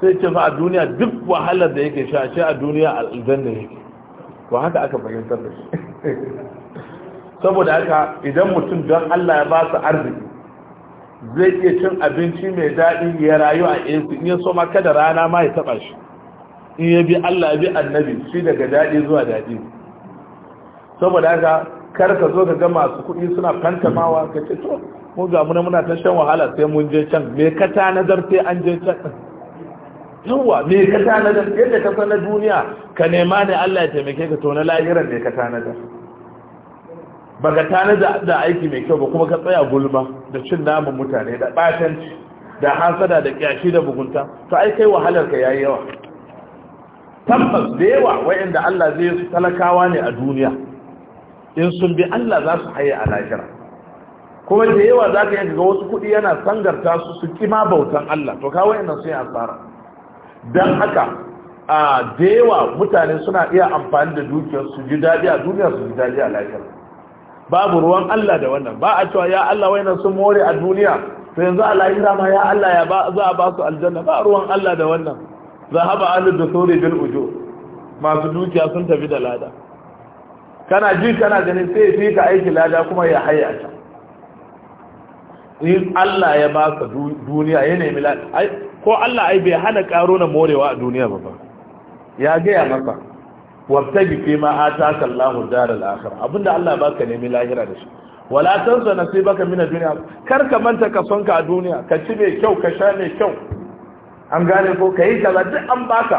sai ce fa a duniya duk wahalar da yake sha shi a duniya da yake to haka aka fahimtar da shi saboda haka idan mutum don Allah ya ba su arziki zai iya cin abinci mai daɗi ya rayu a AC in ya so ma kada rana ma ya taɓa shi in ya bi Allah bi annabi shi daga daɗi zuwa daɗi saboda haka kar ka zo ka ga masu kuɗi suna fantamawa ka ce to mu ga muna muna ta shan wahala sai mun je can me ka ta nazar sai an je can yawa me ka ta nazar yadda ka san na duniya ka nema ne Allah ya taimake ka to na lahiran me ka ta nazar baka tanada da aiki mai kyau ba kuma ka tsaya gulma da cin naman mutane da batanci da hasada da kyashi da bugunta to ai kai wahalar ka yayi yawa tabbas da yawa wa'inda Allah zai su talakawa ne a duniya in sun bi Allah za su haye a lahira kuma da yawa za ka yanka ga wasu kuɗi yana sangarta su su kima bautan Allah to kawai yana sun yi asara don haka a da yawa mutane suna iya amfani da dukiyar su ji daɗi a duniya su ji daɗi a lahira babu ruwan Allah da wannan ba a cewa ya Allah wa'inda sun more a duniya to yanzu a lahira ma ya Allah ya ba za a ba su aljanna ba ruwan Allah da wannan zahaba da dusuri bil ujur masu dukiya sun tafi da lada kana ji kana ganin sai fi ka aiki lada kuma ya haya ta in Allah ya ba ka duniya ya nemi lada ko Allah ai bai hana karo na morewa a duniya ba ba ya gaya maka wabtagi fi ma ataka Allahu daral akhir abinda Allah ba ka nemi lahira da shi wala tansa nasibaka min ad-dunya kar ka manta ka sonka a duniya ka ci mai kyau ka sha mai kyau an gane ko ka yi kaza duk an baka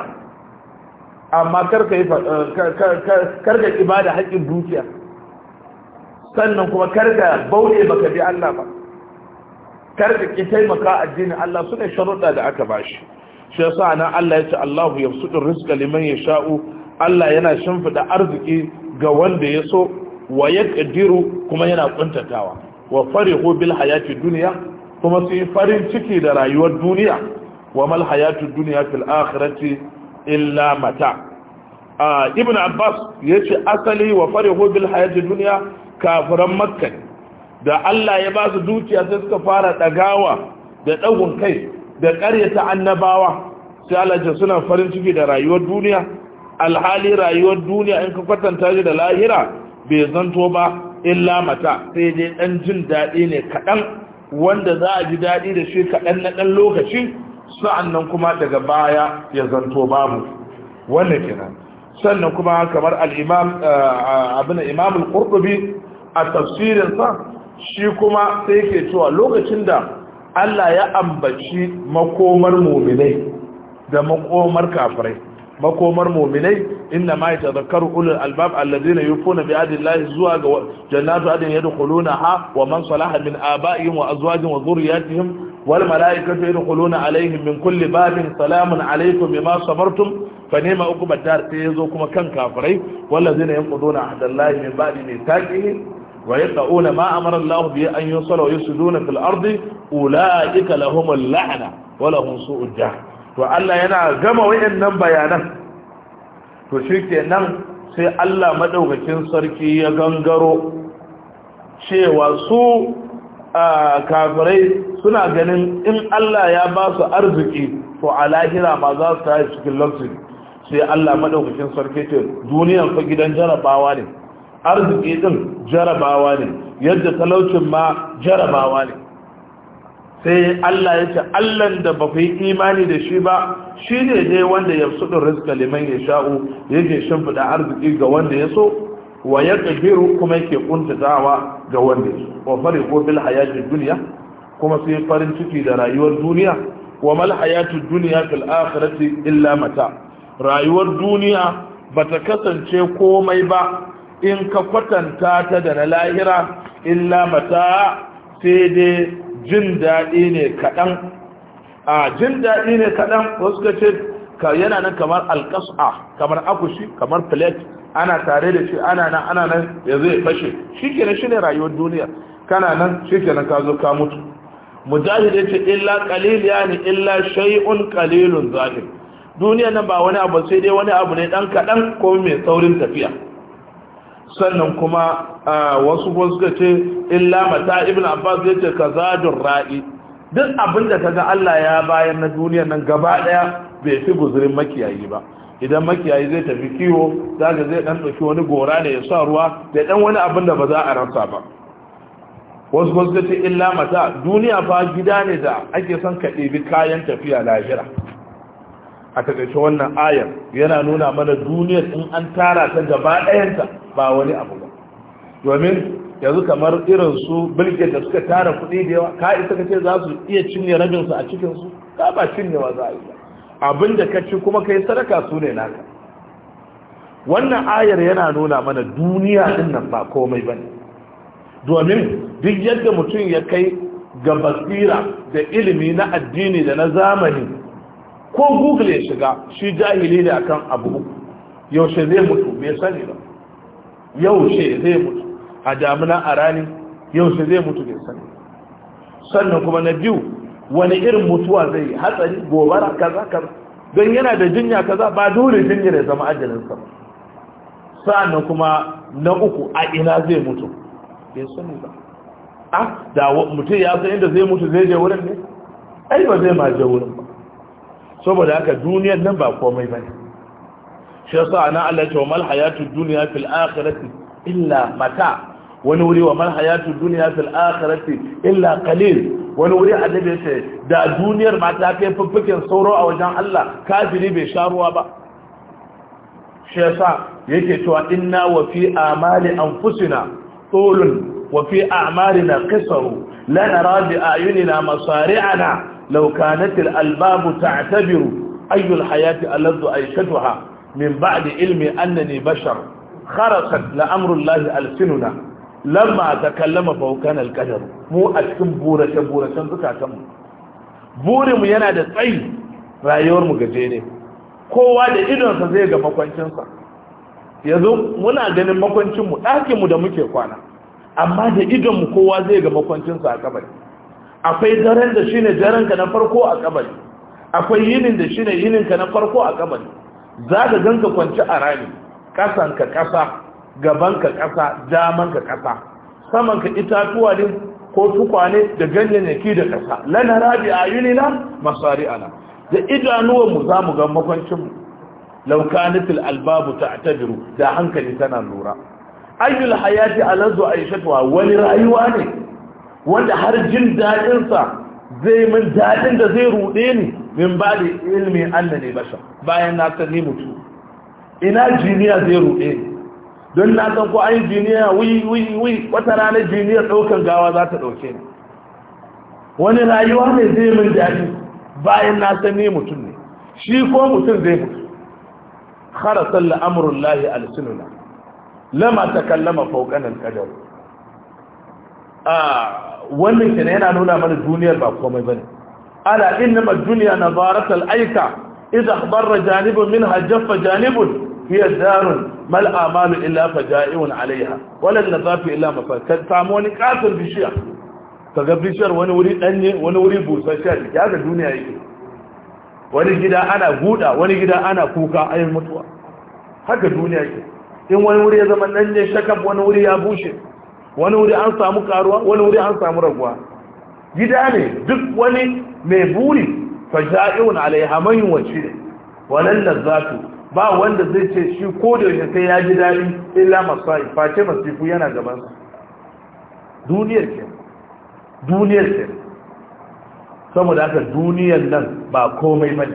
amma karka yi eh, ibada haƙƙin dukiya sannan kuma karka bauɗe baka bi Allah ba karka ki taimaka addinin Allah suna sharuɗa da aka bashi shi yasa nan Allah ya ce Allahu yabsutu rizqa liman sha'u Allah yana shimfida arziki ga wanda ya so wa yaqdiru kuma yana kuntatawa wa farihu bil hayati dunya kuma su yi farin ciki da rayuwar duniya wa mal duniya dunya fil akhirati illa mata ibn abbas yace asali wa farihu bil duniya dunya kafiran makka da Allah ya ba su dukiya sai suka fara dagawa da dagun kai da ƙaryata annabawa sai Allah ya suna farin ciki da rayuwar duniya alhali rayuwar duniya in ka kwatanta shi da lahira bai zanto ba illa mata sai dai dan jin daɗi ne kaɗan wanda za a ji daɗi da shi kaɗan na ɗan lokaci sa'annan kuma daga baya ya zanto babu wannan kenan sannan kuma kamar al-imam eh, abin imam al-qurtubi a tafsirin sa shi kuma sai yake cewa lokacin da Allah ya ambaci makomar mu'minai da makomar kafirai makomar mu'minai inna ma yatadhakkaru ulul albab alladhina yufuna bi adillahi zuwa ga jannatu adin ha wa man salaha min aba'ihim wa azwajihim wa dhurriyyatihim wal mala'ikatu yadkhuluna alaihim min kulli babin salamun alaikum bima sabartum fa ni'ma uqbat dar sai yazo kuma kan kafirai wallazina yanquduna ahdallahi min ba'di mithaqihi wa yaqauna ma amara Allah bi an yusalla wa yusuduna fil ardi ulaika lahumul la'na wa lahum su'ud jah to Allah yana gama wayannan bayanan to shikenan sai Allah madaukakin sarki ya gangaro cewa su kafirai suna ganin in Allah ya ba su arziki to a lahira ma za su tashi cikin luxury sai Allah madaukakin sarki ce duniyan fa gidan jarabawa ne arziki din jarabawa ne yadda talaucin ma jarabawa ne sai Allah ya ce Allahn da ba yi imani da shi ba shi ne dai wanda ya suɗin rizka liman ya sha'u yake shimfiɗa arziki ga wanda ya so wa yaqdiru kuma yake kuntatawa ga wanda wa ko bil hayati kuma sai farin ciki da rayuwar duniya wa mal hayatu dunya fil akhirati illa mata rayuwar duniya bata kasance komai ba in ka kwatanta ta da na lahira illa mata sai dai jin daɗi ne kaɗan a jin daɗi ne kaɗan wasu ka ce yana nan kamar alkasa kamar akushi kamar plate ana tare da shi ana nan ana nan ya zai fashe shikenan shine rayuwar duniya kana nan shikenan ka zo ka mutu mujahid yace illa qalil yani illa shay'un qalilun zahir duniya nan ba wani abu sai dai wani abu ne dan kadan ko mai saurin tafiya sannan kuma wasu ko suka ce illa mata ibn abbas yace kazadur ra'i duk abinda kaga Allah ya bayar na duniya nan gaba daya bai fi guzurin makiyayi ba idan makiyayi zai tafi kiwo zaga zai dan dauki wani gora ne ya sa ruwa da dan wani abin da ba za a rasa ba wasu wasu ce illa mata duniya fa gida ne da ake son ka ɗebi kayan tafiya lahira a takaice wannan ayar yana nuna mana duniyar in an tara ta gaba ɗayanta ba wani abu ba domin yanzu kamar irin su bilgin da suka tara kuɗi da yawa ka isa ka ce za su iya cinye rabinsu a cikinsu ka ba cinyewa za a yi abin da ka ci kuma yi sadaka su ne naka wannan ayar yana nuna mana duniya din nan ba komai ba ne domin duk yadda mutum ya kai ga basira da ilimi na addini da na zamani ko google ya shiga shi jahili ne akan abu yaushe zai mutu mai sani ba yaushe zai mutu a damuna a rani yaushe zai mutu mai sani sannan kuma na biyu wani irin mutuwa zai hatsari gobara kaza kaza don yana da jinya kaza ba dole jinya da zama ajalin sa. sa'annan kuma na uku a ina zai mutu bai sani ba a da mutum ya san inda zai mutu zai je wurin ne ai ba zai ma je wurin ba saboda haka duniyar nan ba komai ba ne shi yasa ana Allah ce wa mal hayatu dunya fil akhirati illa mata wani wuri wa mal hayatu dunya fil akhirati illa qalil wani wuri annabi ya ce da duniyar ma ta kai fuffukin sauro a wajen Allah kafiri bai sha ruwa ba shi yasa yake cewa inna wa fi amali anfusina tulun wa fi a'malina qisaru la nara bi ayunina masari'ana law kanat al albab ta'tabiru ayu al hayati alladhu aishatuha min ba'di ilmi annani bashar kharasat la amru allahi alsinuna lamma ta kallama faukan alkadar mu a cikin burace-buracen zukatanmu burinmu yana da tsayi rayuwarmu gaje ne kowa da idonsa zai ga makwancinsa yanzu muna ganin makwancinmu ɗakinmu da muke kwana amma da idonmu kowa zai ga makwancinsa a kabari akwai daren da shine darenka na farko a kabari akwai yinin da shine yininka na farko a kabari za ka ganka kwanci a rami ƙasanka ƙasa gabanka ƙasa damanka ƙasa samanka itatuwa ne ko tukwane da ganyayyaki da ƙasa lana rabi a nina masari ana da idanuwanmu za mu ga makwancinmu laukanitul albabu ta tabiru. da hankali tana lura ayyul hayati alazu aishatuwa wani rayuwa ne wanda har jin daɗinsa zai min daɗin da zai ruɗe ni min ba da ilmi ne bashar bayan na sani mutu ina jiniya zai ruɗe ni don na san ko an jiniya wi wi wi wata rana jiniya ɗaukan gawa za ta ɗauke ni wani rayuwa ne zai min daɗi bayan na san ni mutum ne shi ko mutum zai mutu kharasar la'amurin lahi alsinuna lama ta kallama faukanin kajar wannan kina yana nuna mana duniyar ba komai ne. ala inna ma duniya na baratal aika idan barra janibun min hajjafa janibun hiya darun mal amalu illa faja'iun alaiha walan nazafi illa mafaka samu wani katon bishiya kaga bishiyar wani wuri danye wani wuri busasshiya ya ga duniya yake wani gida ana guda wani gida ana kuka ayin mutuwa haka duniya yake in wani wuri ya zama danye shakaf wani wuri ya bushe wani wuri an samu karuwa wani wuri an samu raguwa gida ne duk wani mai buri faja'iun alaiha man wace ne wannan lazatu ba wanda zai ce shi ko da yake sai ya ji dadi illa masai face masifu yana gaban sa duniyar ke duniyar ce saboda haka duniyar nan ba komai bane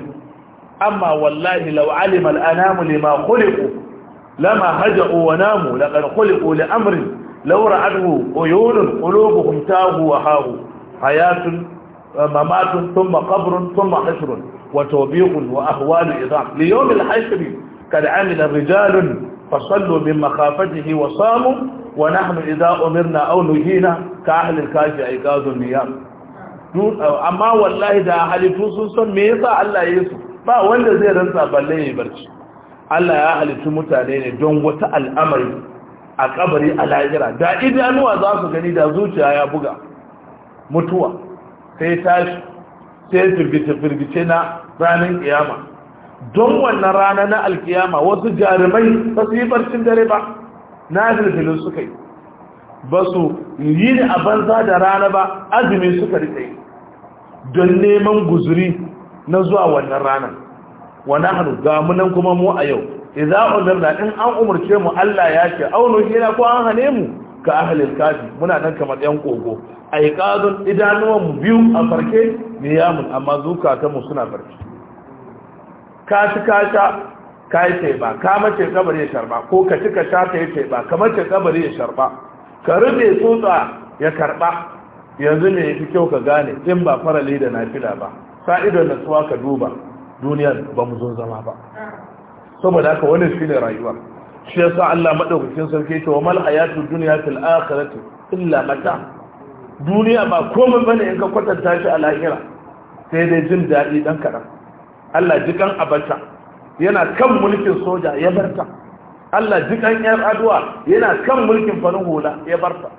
amma wallahi law alima al-anamu lima khuliqu lama haja'u wa namu laqad khuliqu li amrin law ra'adhu uyunun qulubuhum tahu wa hahu hayatun mamatun thumma qabrun thumma hashrun وتوبيغ وأهوال إضاح ليوم الحشر قد عمل رجال فصلوا من مخافته وصاموا ونحن إذا أمرنا أو نهينا كأهل الكاشي أيقاظ النيام amma wallahi da halittu sun san me yasa Allah ya yi su ba wanda zai rantsa balle ya barci Allah ya halittu mutane ne don wata al'amari a kabari a lahira da idanuwa za su gani da zuciya ya buga mutuwa sai tashi sai firgice-firgice na ranar kiyama don wannan rana na alkiyama wasu jarumai ba su yi barcin dare ba na filfilin suka yi ba su yi ni a banza da rana ba azumin suka rike yi don neman guzuri na zuwa wannan ranar wani hannu gamunan kuma mu a yau idan umarna in an umarce mu allah ya ce auno na ko an hane mu ka ahalin kafi muna nan kamar yan kogo aikadun idanuwan mu biyu a farke ne yamun amma zukatan mu suna farke ka ci ka ta ka yi teba ka mace kabari ya sharba ko ka ci ka sha ka yi teba ka mace kabari ya sharba ka rufe tsotsa ya karba yanzu ne yafi kyau ka gane in ba farali da na nafila ba sa na natsuwa ka duba duniyar ba mu zo zama ba saboda haka wani ne rayuwa shi yasa Allah madaukakin sarki ya ce wa mal hayatud dunya fil akhirati illa mata' duniya ba komai bane in ka kwatanta shi a lahira sai dai jin daɗi ɗan kaɗan Allah jikan abarta yana kan mulkin soja ya barta Allah jikan yar aduwa yana kan mulkin farin hula ya barta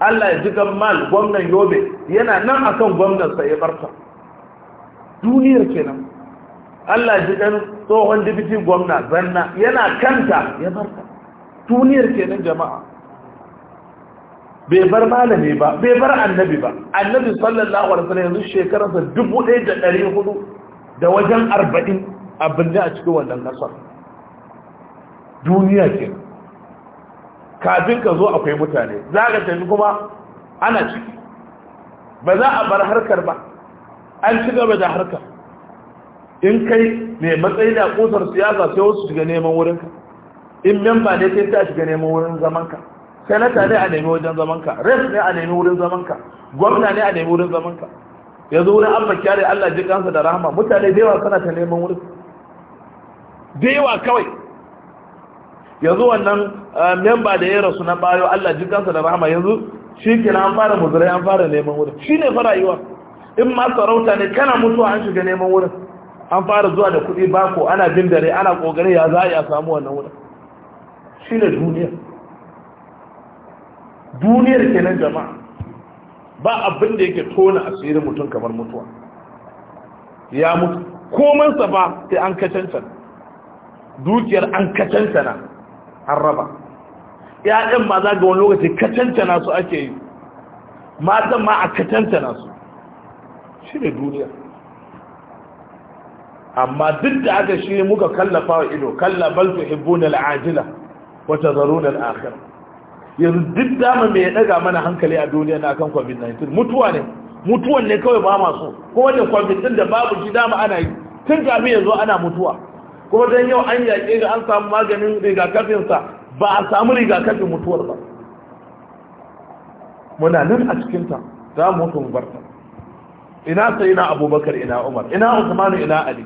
Allah ya jikan mal gwamnan yobe yana nan akan gwamnansa ya barta duniyar kenan Allah jikan tsohon dibiti gwamna zanna yana kanta ya barta duniyar kenan jama'a bai bar malami ba bai bar annabi ba annabi sallallahu alaihi wasallam yanzu shekararsa 1400 da wajen 40 abin da a cikin wannan kasar duniya ke kafin ka zo akwai mutane za ka tafi kuma ana ciki ba za a bar harkar ba an ci gaba da harkar in kai mai matsayi da kusar siyasa sai wasu shiga neman wurinka in memba ne sai ta shiga neman wurin zamanka senata ne a nemi wajen zamanka res ne a nemi wurin zamanka gwamna ne a nemi wurin zamanka yanzu wurin Amma kyare Allah ji kansa da rahama mutane da yawa suna ta neman wurin da yawa kawai yanzu wannan uh, memba da ya rasu na bayo Allah ji kansa da rahama yanzu shi ke an fara muzurai an fara neman wurin shi ne fara yiwa in ma sarauta ne kana mutuwa an shiga neman wurin an fara zuwa da kuɗi bako ana bin dare ana ƙoƙari ya za a samu wannan wurin shi ne duniya duniyar kenan jama'a ba abin da yake tona asirin mutum kamar mutuwa ya mutu komansa ba sai an kacancana dukiyar an kacancana an raba ƴaƴan ma za ga wani lokaci kacancana su ake yi matan ma a kacancana su shi ne duniya amma duk da aka shi muka kallafa wa ido kallabal tu hibbuna al'ajila wa na al'akhirah yanzu duk dama mai ya daga mana hankali a duniya na kan covid-19 mutuwa ne mutuwan ne kawai ba masu ko wajen covid din da babu shi dama ana yi tun kafin yanzu ana mutuwa ko don yau an yaƙe ga an samu maganin rigakafinsa ba a samu rigakafin mutuwar ba muna nan a cikinta za mu mutu mu barta ina sai ina abubakar ina umar ina usmanu ina ali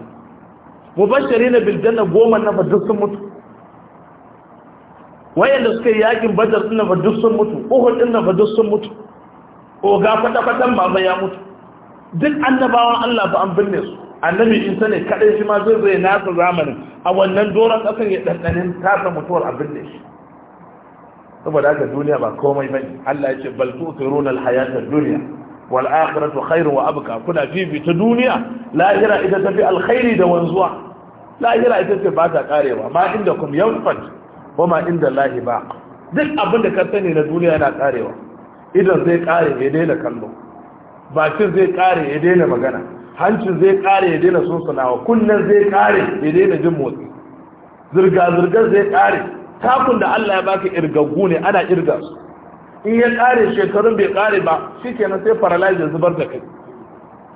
mubashirina bil janna goma na fa duk sun mutu wayanda suka yi yakin badar din nan fa duk sun mutu uhud din nan fa duk sun mutu ko ga fata fatan baba ya mutu duk annabawan Allah ba an binne su annabi isa ne kadai shi ma zai zai nasa zamanin a wannan doron kasan ya dandanin tasa mutuwar a binne shi saboda haka duniya ba komai bane Allah ya ce bal tu'thiruna al-hayata ad-dunya wal akhiratu khairun wa abqa kuna fifita duniya lahira ita ta fi alkhairi da wanzuwa lahira ita ce ba ta karewa ma inda kum yanfat wa ma inda lahi ba duk abin da ka sani na duniya na karewa idan zai kare ya daina kallo bakin zai kare ya daina magana hancin zai kare ya daina sunsunawa kunnen zai kare ya daina jin motsi zirga-zirgar zai kare takun da Allah ya baka irgaggu ne ana irga su in ya kare shekarun bai kare ba shi kenan sai paralyzer zubar da kai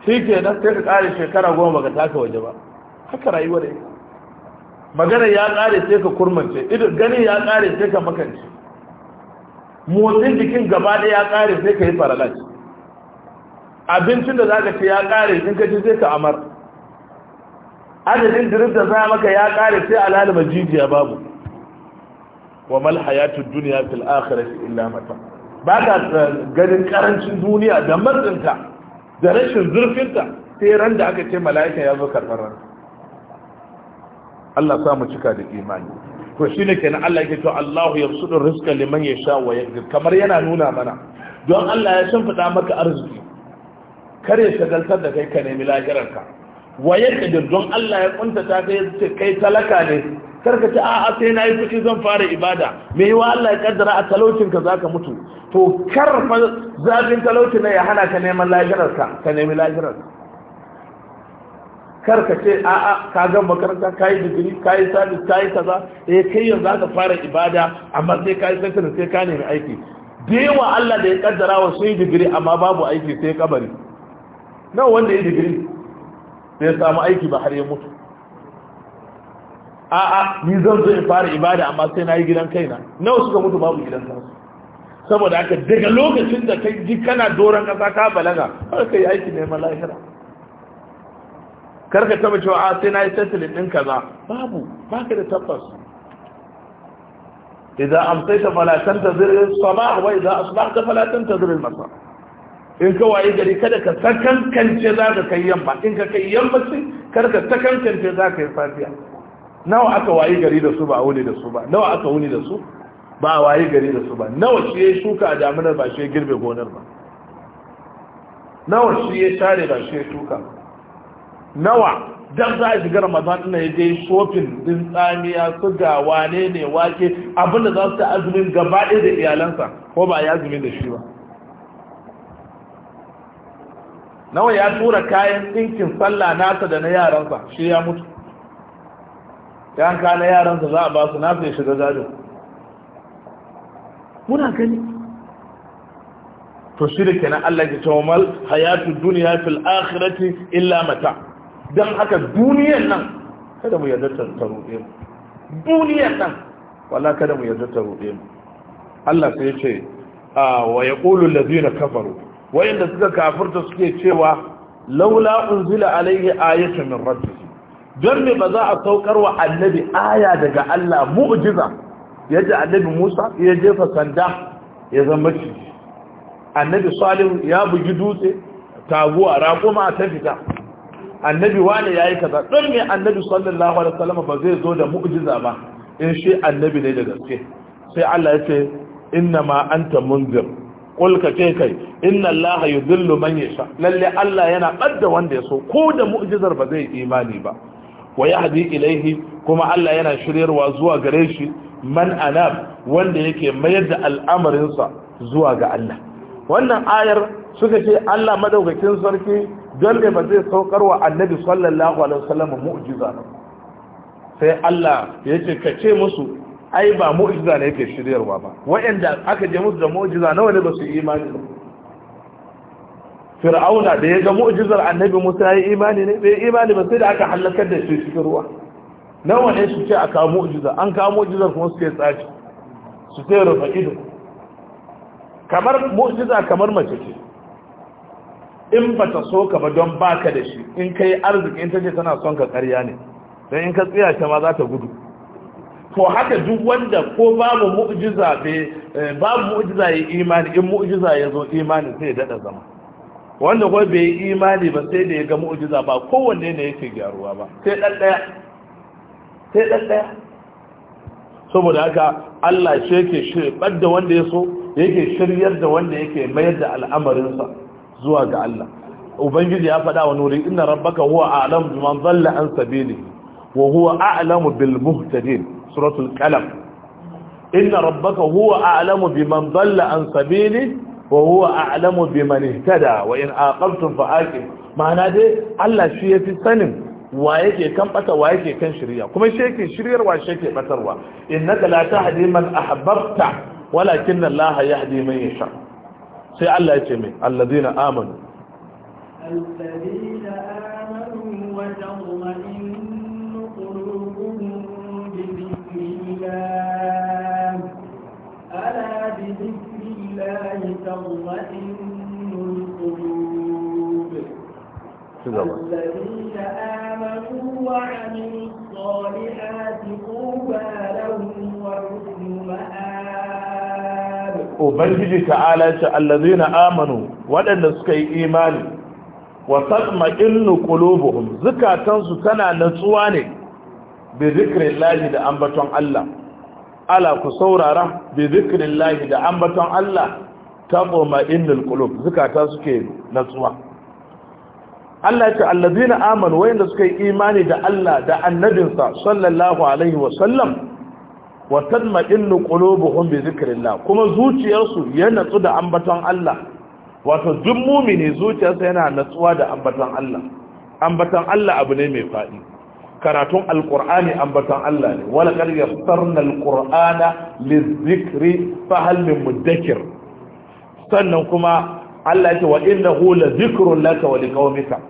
shi kenan sai ka kare shekara goma baka taka waje ba haka rayuwar yake magana ya kare sai ka kurmance idan gani ya kare sai ka makance motsin jikin gaba ɗaya ya kare sai ka yi faralaj abincin da zaka ce ya kare in ka ci sai ka amar adadin dirin da za maka ya kare sai alalima jijiya babu wa mal hayatu dunya fil akhirati illa mata ba ka eh, ganin karancin duniya da matsinta da rashin zurfinta sai ran da aka ce mala'ika ya zo karɓar ranka Allah sa mu cika da imani to shi ne kenan Allah yake to Allahu yabsudu rizqa liman yasha wa yaqdir kamar yana nuna mana don Allah ya san fada maka arziki kare shagaltar da kai ka nemi lahirarka wa yaqdir don Allah ya kuntata kai kai talaka ne karka ce a'a sai na yi kuɗi zan fara ibada me wa Allah ya kaddara a talaucin ka zaka mutu to kar fa zafin talaucin ne ya hana ka neman lahirarka ka nemi lahirarka kar ka ce a'a ka gan makaranta ka yi digiri ka yi sabis ka yi kaza eh kai yanzu za ka fara ibada amma sai ka yi sai ka nemi aiki da yawa Allah da ya kaddara wa sun yi digiri amma babu aiki sai kabari na wanda ya digiri sai samu aiki ba har ya mutu a'a ni zan zo in fara ibada amma sai na yi gidan kaina nawa suka mutu babu gidan kansu saboda haka daga lokacin da kai ji kana doron kasa ka balaga har ka yi aiki neman lahira karka taba cewa a ah, sai na yi tattalin ɗin kaza babu ba ka da tabbas idan amsai ta falatan ta zirin sama wa idan asbah ta falatan ta zirin masa in ka waye gari kada ka sakankance za ka kai yamma in ka kai yamma sai karka sakankance za ka yi safiya nawa aka waye gari da su ba a wuni da su ba nawa aka wuni da su ba a waye gari da su ba nawa shi ya shuka a daminar ba shi ya girbe gonar ba nawa shi ya share ba shi ya shuka nawa dan za a shiga ramadan ina ya je shofin din tsamiya su ga wane ne wake abinda za su ta azumin gaba ɗaya da iyalansa ko ba ya azumin da shi ba nawa ya tura kayan ɗinkin sallah nasa da na yaransa shi ya mutu yan ka na yaransa za a ba su nasa ya shiga gado muna gani to shi da kenan Allah ya ce mal hayatu dunya fil akhirati illa mata' don haka duniyar nan kada mu yarda ta ruɗe mu Duniyar nan wala kada mu yarda ta ruɗe mu Allah sai ce wa yaqulu allazina kafaru wayanda suka kafirta suke cewa laula unzila alaihi ayatu min rabbihi don me ba za a saukar wa annabi aya daga Allah mu'jiza yadda annabi Musa ya jefa sanda ya zama ciki annabi Salihu ya bugi dutse taguwa raƙuma ta fita annabi wani ya yi kaza ɗin me annabi sallallahu alaihi wasallam ba zai zo da mu'jiza ba in shi annabi ne da gaske sai Allah ya ce inna ma anta munzir qul ka ce kai inna Allah yudhillu man yasha lalle Allah yana badda wanda ya so ko da mu'jizar ba zai imani ba wa yahdi ilaihi kuma Allah yana shiryarwa zuwa gare shi man anab wanda yake mayar da al'amarinsa zuwa ga Allah wannan ayar suka ce Allah madaukakin sarki don ne ba zai saukar wa annabi sallallahu alaihi wasallam mu'jiza sai Allah ya ce ka ce musu ai ba mu'jiza ne yake shiryarwa ba wa'anda aka je musu da mu'jiza nawa ne ba su imani ba fir'auna da ya ga mu'jizar annabi Musa ya imani ne bai imani ba sai da aka halakar da shi cikin ruwa nawa ne su ce a kawo mu'jiza an kawo mu'jizar kuma suke tsaci su ce rufa ido kamar mu'jiza kamar mace ce in ba ta so ka ba don baka da shi in kai arziki in ta ce tana son ka karya ne don in ka tsaya ta ma za ta gudu to haka duk wanda ko babu mu'jiza be eh, babu mu'jiza yi imani in mu'jiza ya zo imani sai ya dada zama wanda kuma bai yi imani ba sai da ya ga mu'jiza ba kowanne ne yake gyaruwa ba sai dan daya sai dan daya saboda haka Allah shi yake shirye da wanda ya so yake shiryar da wanda yake mayar da al'amarinsa zuwa ga Allah ubangiji ya faɗa wa nuri inna rabbaka huwa a'lamu biman dhalla an sabili wa huwa a'lamu bil muhtadin suratul qalam inna rabbaka huwa a'lamu biman dhalla an sabili wa huwa a'lamu biman ihtada wa in aqabtum fa aqim ma'ana dai Allah shi yafi sanin wa yake kan bata wa yake kan shirya kuma shi yake shiryarwa shi yake batarwa innaka la tahdi man ahbabta walakin Allah yahdi man yasha sai Allah ya ce mai allazina amanu allazina amanu wa tatma'innu qulubuhum bi dhikrillah ala bi dhikrillah tatma'innul qulub الذين آمنوا وعملوا الصالحات قوبى ubangiji ta'ala ce allazina amanu waɗanda suka yi imani wa tatma'innu qulubuhum zukatansu tana natsuwa ne bi zikrillahi da ambaton Allah ala ku saurara bi zikrillahi da ambaton Allah tatma'innul qulub zukata suke natsuwa Allah ce allazina amanu wayanda suka yi imani da Allah da annabinsa sallallahu alaihi wa sallam wa tatma'innu qulubuhum bi zikrillah kuma zuciyarsu ya natsu da ambaton Allah wato duk mumini zuciyarsa yana natsuwa da ambaton Allah ambaton Allah abu ne mai fadi karatun Alƙur'ani ambaton Allah ne wala qad yassarna Alƙur'ana lizikri fa hal sannan kuma Allah ya ce wa innahu la zikrun laka wa liqaumika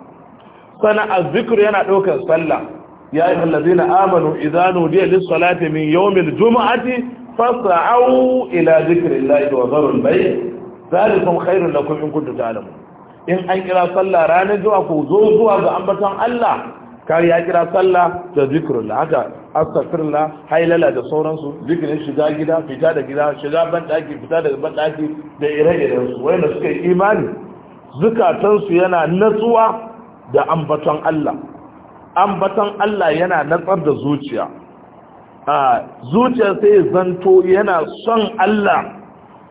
sana yana ɗaukar sallah ya ayyuha na amanu idza nudiya lis-salati min yawmil jum'ati fas'au ila dhikrillahi wa dharul bay' zalikum khairun lakum in kuntum ta'lamun in an kira sallah ranar zuwa ku zo zuwa ga ambaton Allah kari ya kira sallah da zikrullah haka astaghfirullah hailala da sauransu zikirin shiga gida fita da gida shiga banɗaki fita daga banɗaki da ire-iren su wanda suka yi imani zukatansu yana natsuwa da ambaton Allah ambaton Allah yana natsar da zuciya a zuciya sai zanto yana son Allah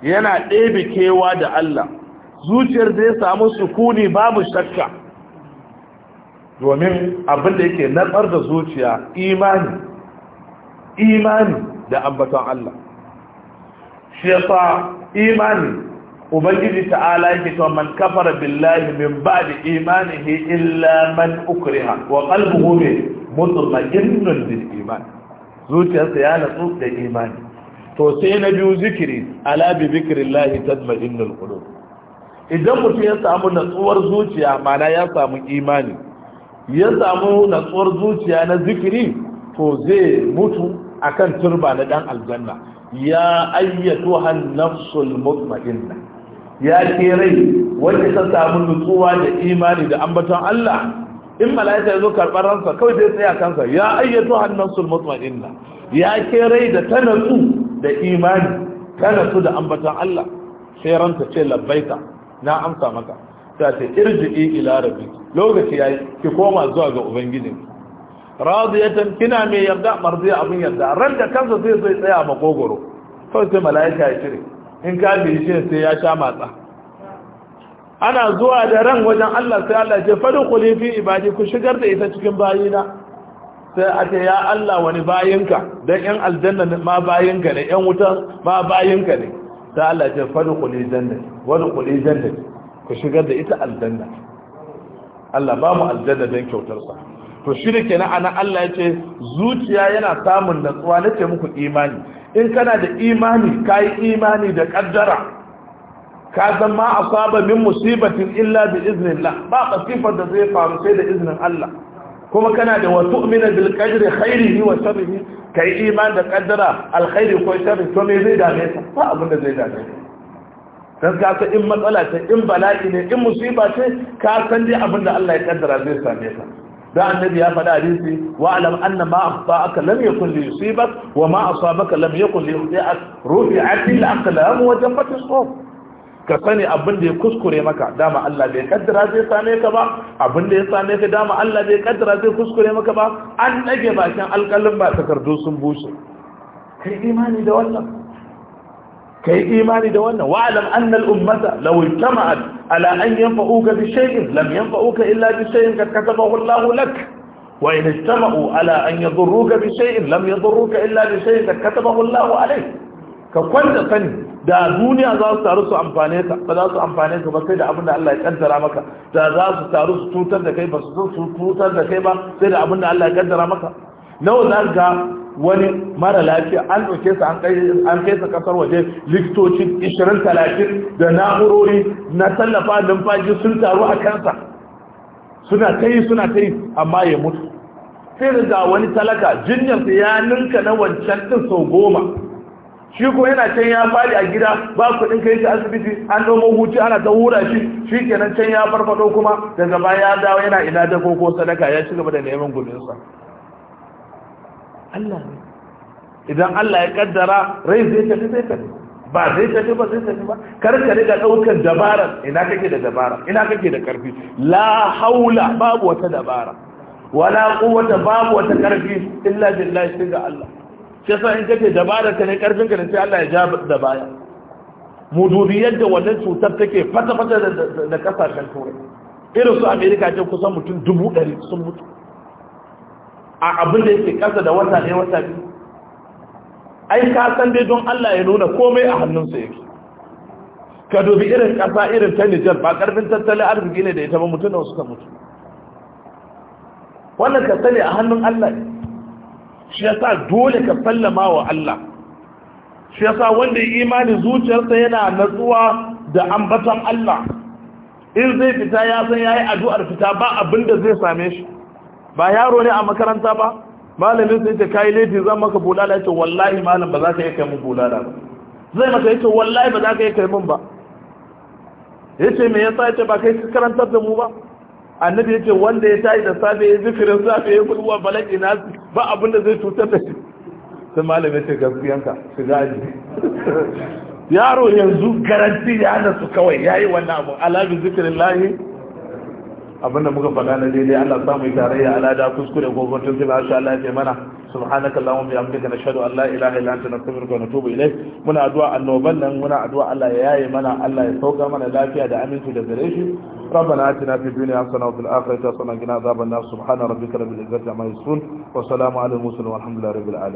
yana ɗebe kewa da Allah zuciyar zai samu sukuni babu shakka domin abin da yake natsar da zuciya imani imani da ambaton Allah shi yasa imani ubangiji ta'ala yake cewa man kafara billahi min ba'di imanihi illa man ukriha wa qalbuhu mutma'innun bil iman zuciyarsa ya natsu da imani to sai na biyu zikiri ala bi zikrillahi tatma'innul qulub idan mutum ya samu natsuwar zuciya mana ya samu imani ya samu natsuwar zuciya na zikiri to zai mutu akan turba na dan aljanna ya ayyatuhan nafsul mutma'inna ya ke rai wanda ta samu nutsuwa da imani da ambaton Allah in mala'ika ya zo karɓar ransa kawai zai tsaya kansa ya ayyato hannasul mutmainna ya ke rai da ta natsu da imani ta natsu da ambaton Allah sai ranta ce labbaika na amsa maka ta ce irji'i ila rabbi lokaci yayi ki koma zuwa ga ubangiji radiyatan kina mai yarda marziya abin yarda ran da kansa sai sai tsaya makogoro kawai sai mala'ika ya cire. in bi shi sai ya sha matsa ana zuwa da ran wajen Allah sai Allah ce fadin kuli fi ibadi ku shigar da ita cikin bayina sai a ce ya Allah wani bayinka dan yan aljanna ma bayinka ne yan wuta ma bayinka ne sai Allah ce fadin kuli jannati wani kuli janna ku shigar da ita aljanna Allah ba mu aljanna dan kyautar sa to shi da kenan ana Allah ya ce zuciya yana samun natsuwa nace muku imani in kana da imani ka yi imani da kaddara ka zama a saba min musibatin illa bi iznillah ba masifar da zai faru sai da izinin Allah kuma kana da wasu tu'mina bil qadri khairihi wa ka yi iman da kaddara alkhairi ko sharri to me zai dame ka ba abin da zai dame ka dan ka in matsala ce in bala'i ne in musiba ce ka san dai abin da Allah ya kaddara zai same ka da annabi ya faɗa hadisi wa alam anna ma akhta'aka lam yakun li yusibak wa ma asabaka lam yakun li yukhti'ak rufi'at al aqlam wa jaffat as-sawt ka sani abin da ya kuskure maka dama Allah bai kaddara zai same ka ba abin da ya same ka dama Allah bai kaddara zai kuskure maka ba an dage bakin alƙalin ba takardu sun bushe kai imani da wannan Ka yi imani da wannan wa'alam annal ummata law ijtama'at ala an yanfa'uka bi shay'in lam yanfa'uka illa bi shay'in kad katabahu Allah lak wa in ijtama'u ala an yadurruka bi shay'in lam yadurruka illa bi shay'in kad katabahu Allah alayk ka kwanta sani da duniya za su taru su amfane ka ba za su amfane ka ba sai da abin da Allah ya kaddara maka da za su taru su tutar da kai ba su tutar da kai ba sai da abin da Allah ya kaddara maka nawa za ka. wani mara lafiya an ɗauke sa an kai sa kasar waje likitoci 20-30 da na'urori na tallafa numfashi sun taru a kansa suna ta yi suna ta yi amma ya mutu sai da wani talaka jinyarsa ya ninka na wancan ɗin sau goma shi ko yana can ya fadi a gida ba kuɗin kai shi asibiti an domo hutu ana ta hura shi shi kenan can ya farfado kuma daga baya ya dawo yana ina da ko sadaka ya ci gaba da neman gudunsa Allah idan Allah ya kaddara rai zai tafi zai tafi ba zai tafi ba zai tafi ba karka riga daukan dabara ina kake da dabara ina kake da karfi la haula babu wata dabara wala quwwata babu wata karfi illa billahi sai ga Allah sai yasa in kace dabara ka ne karfin ka ne sai Allah ya ja da baya mu dubi yadda wannan cutar take fata fata da kasashen turai irin su America ce kusan mutum dubu ɗari sun mutu a abin da yake kasa da wata ɗaya wata biyu ai ka san dai don Allah ya nuna komai a hannunsa yake ka dubi irin ƙasa irin ta Nijar ba ƙarfin tattalin arziki ne da ita ba mutum da wasu ka mutu wannan ka sani a hannun Allah ne shi ya sa dole ka sallama wa Allah shi ya sa wanda ya imani zuciyarsa yana natsuwa da ambatan Allah in zai fita ya san ya yi addu'ar fita ba abin da zai same shi ba yaro ne a makaranta ba malamin sai ce kai laifi zan maka bulala yace wallahi malam ba za ka yi kai mun bulala ba zai maka yace wallahi ba za ka yi kai mun ba yace me yasa yace ba kai karantar da mu ba annabi yace wanda ya tayi da safe ya zikirin safe ya kulwa balaki na ba abin da zai cutar da shi sai malam yace gaskiyanka shiga ji yaro yanzu garanti ya nasu kawai yayi wannan abu ala bi zikrillah abinda muka faɗa na daidai Allah samu yi tarayya da kuskure ko tun sai ba sha Allah ya mana subhanaka allahumma bihamdika nashhadu an la ilaha illa anta nastaghfiruka wa natubu ilayk muna addu'a annoban nan muna addu'a Allah ya yaye mana Allah ya sauka mana lafiya da aminci da gare shi ربنا آتنا في الدنيا حسنة وفي الآخرة حسنة وقنا عذاب النار سبحان ربك رب العزة عما يصفون وسلام على المرسلين والحمد لله رب العالمين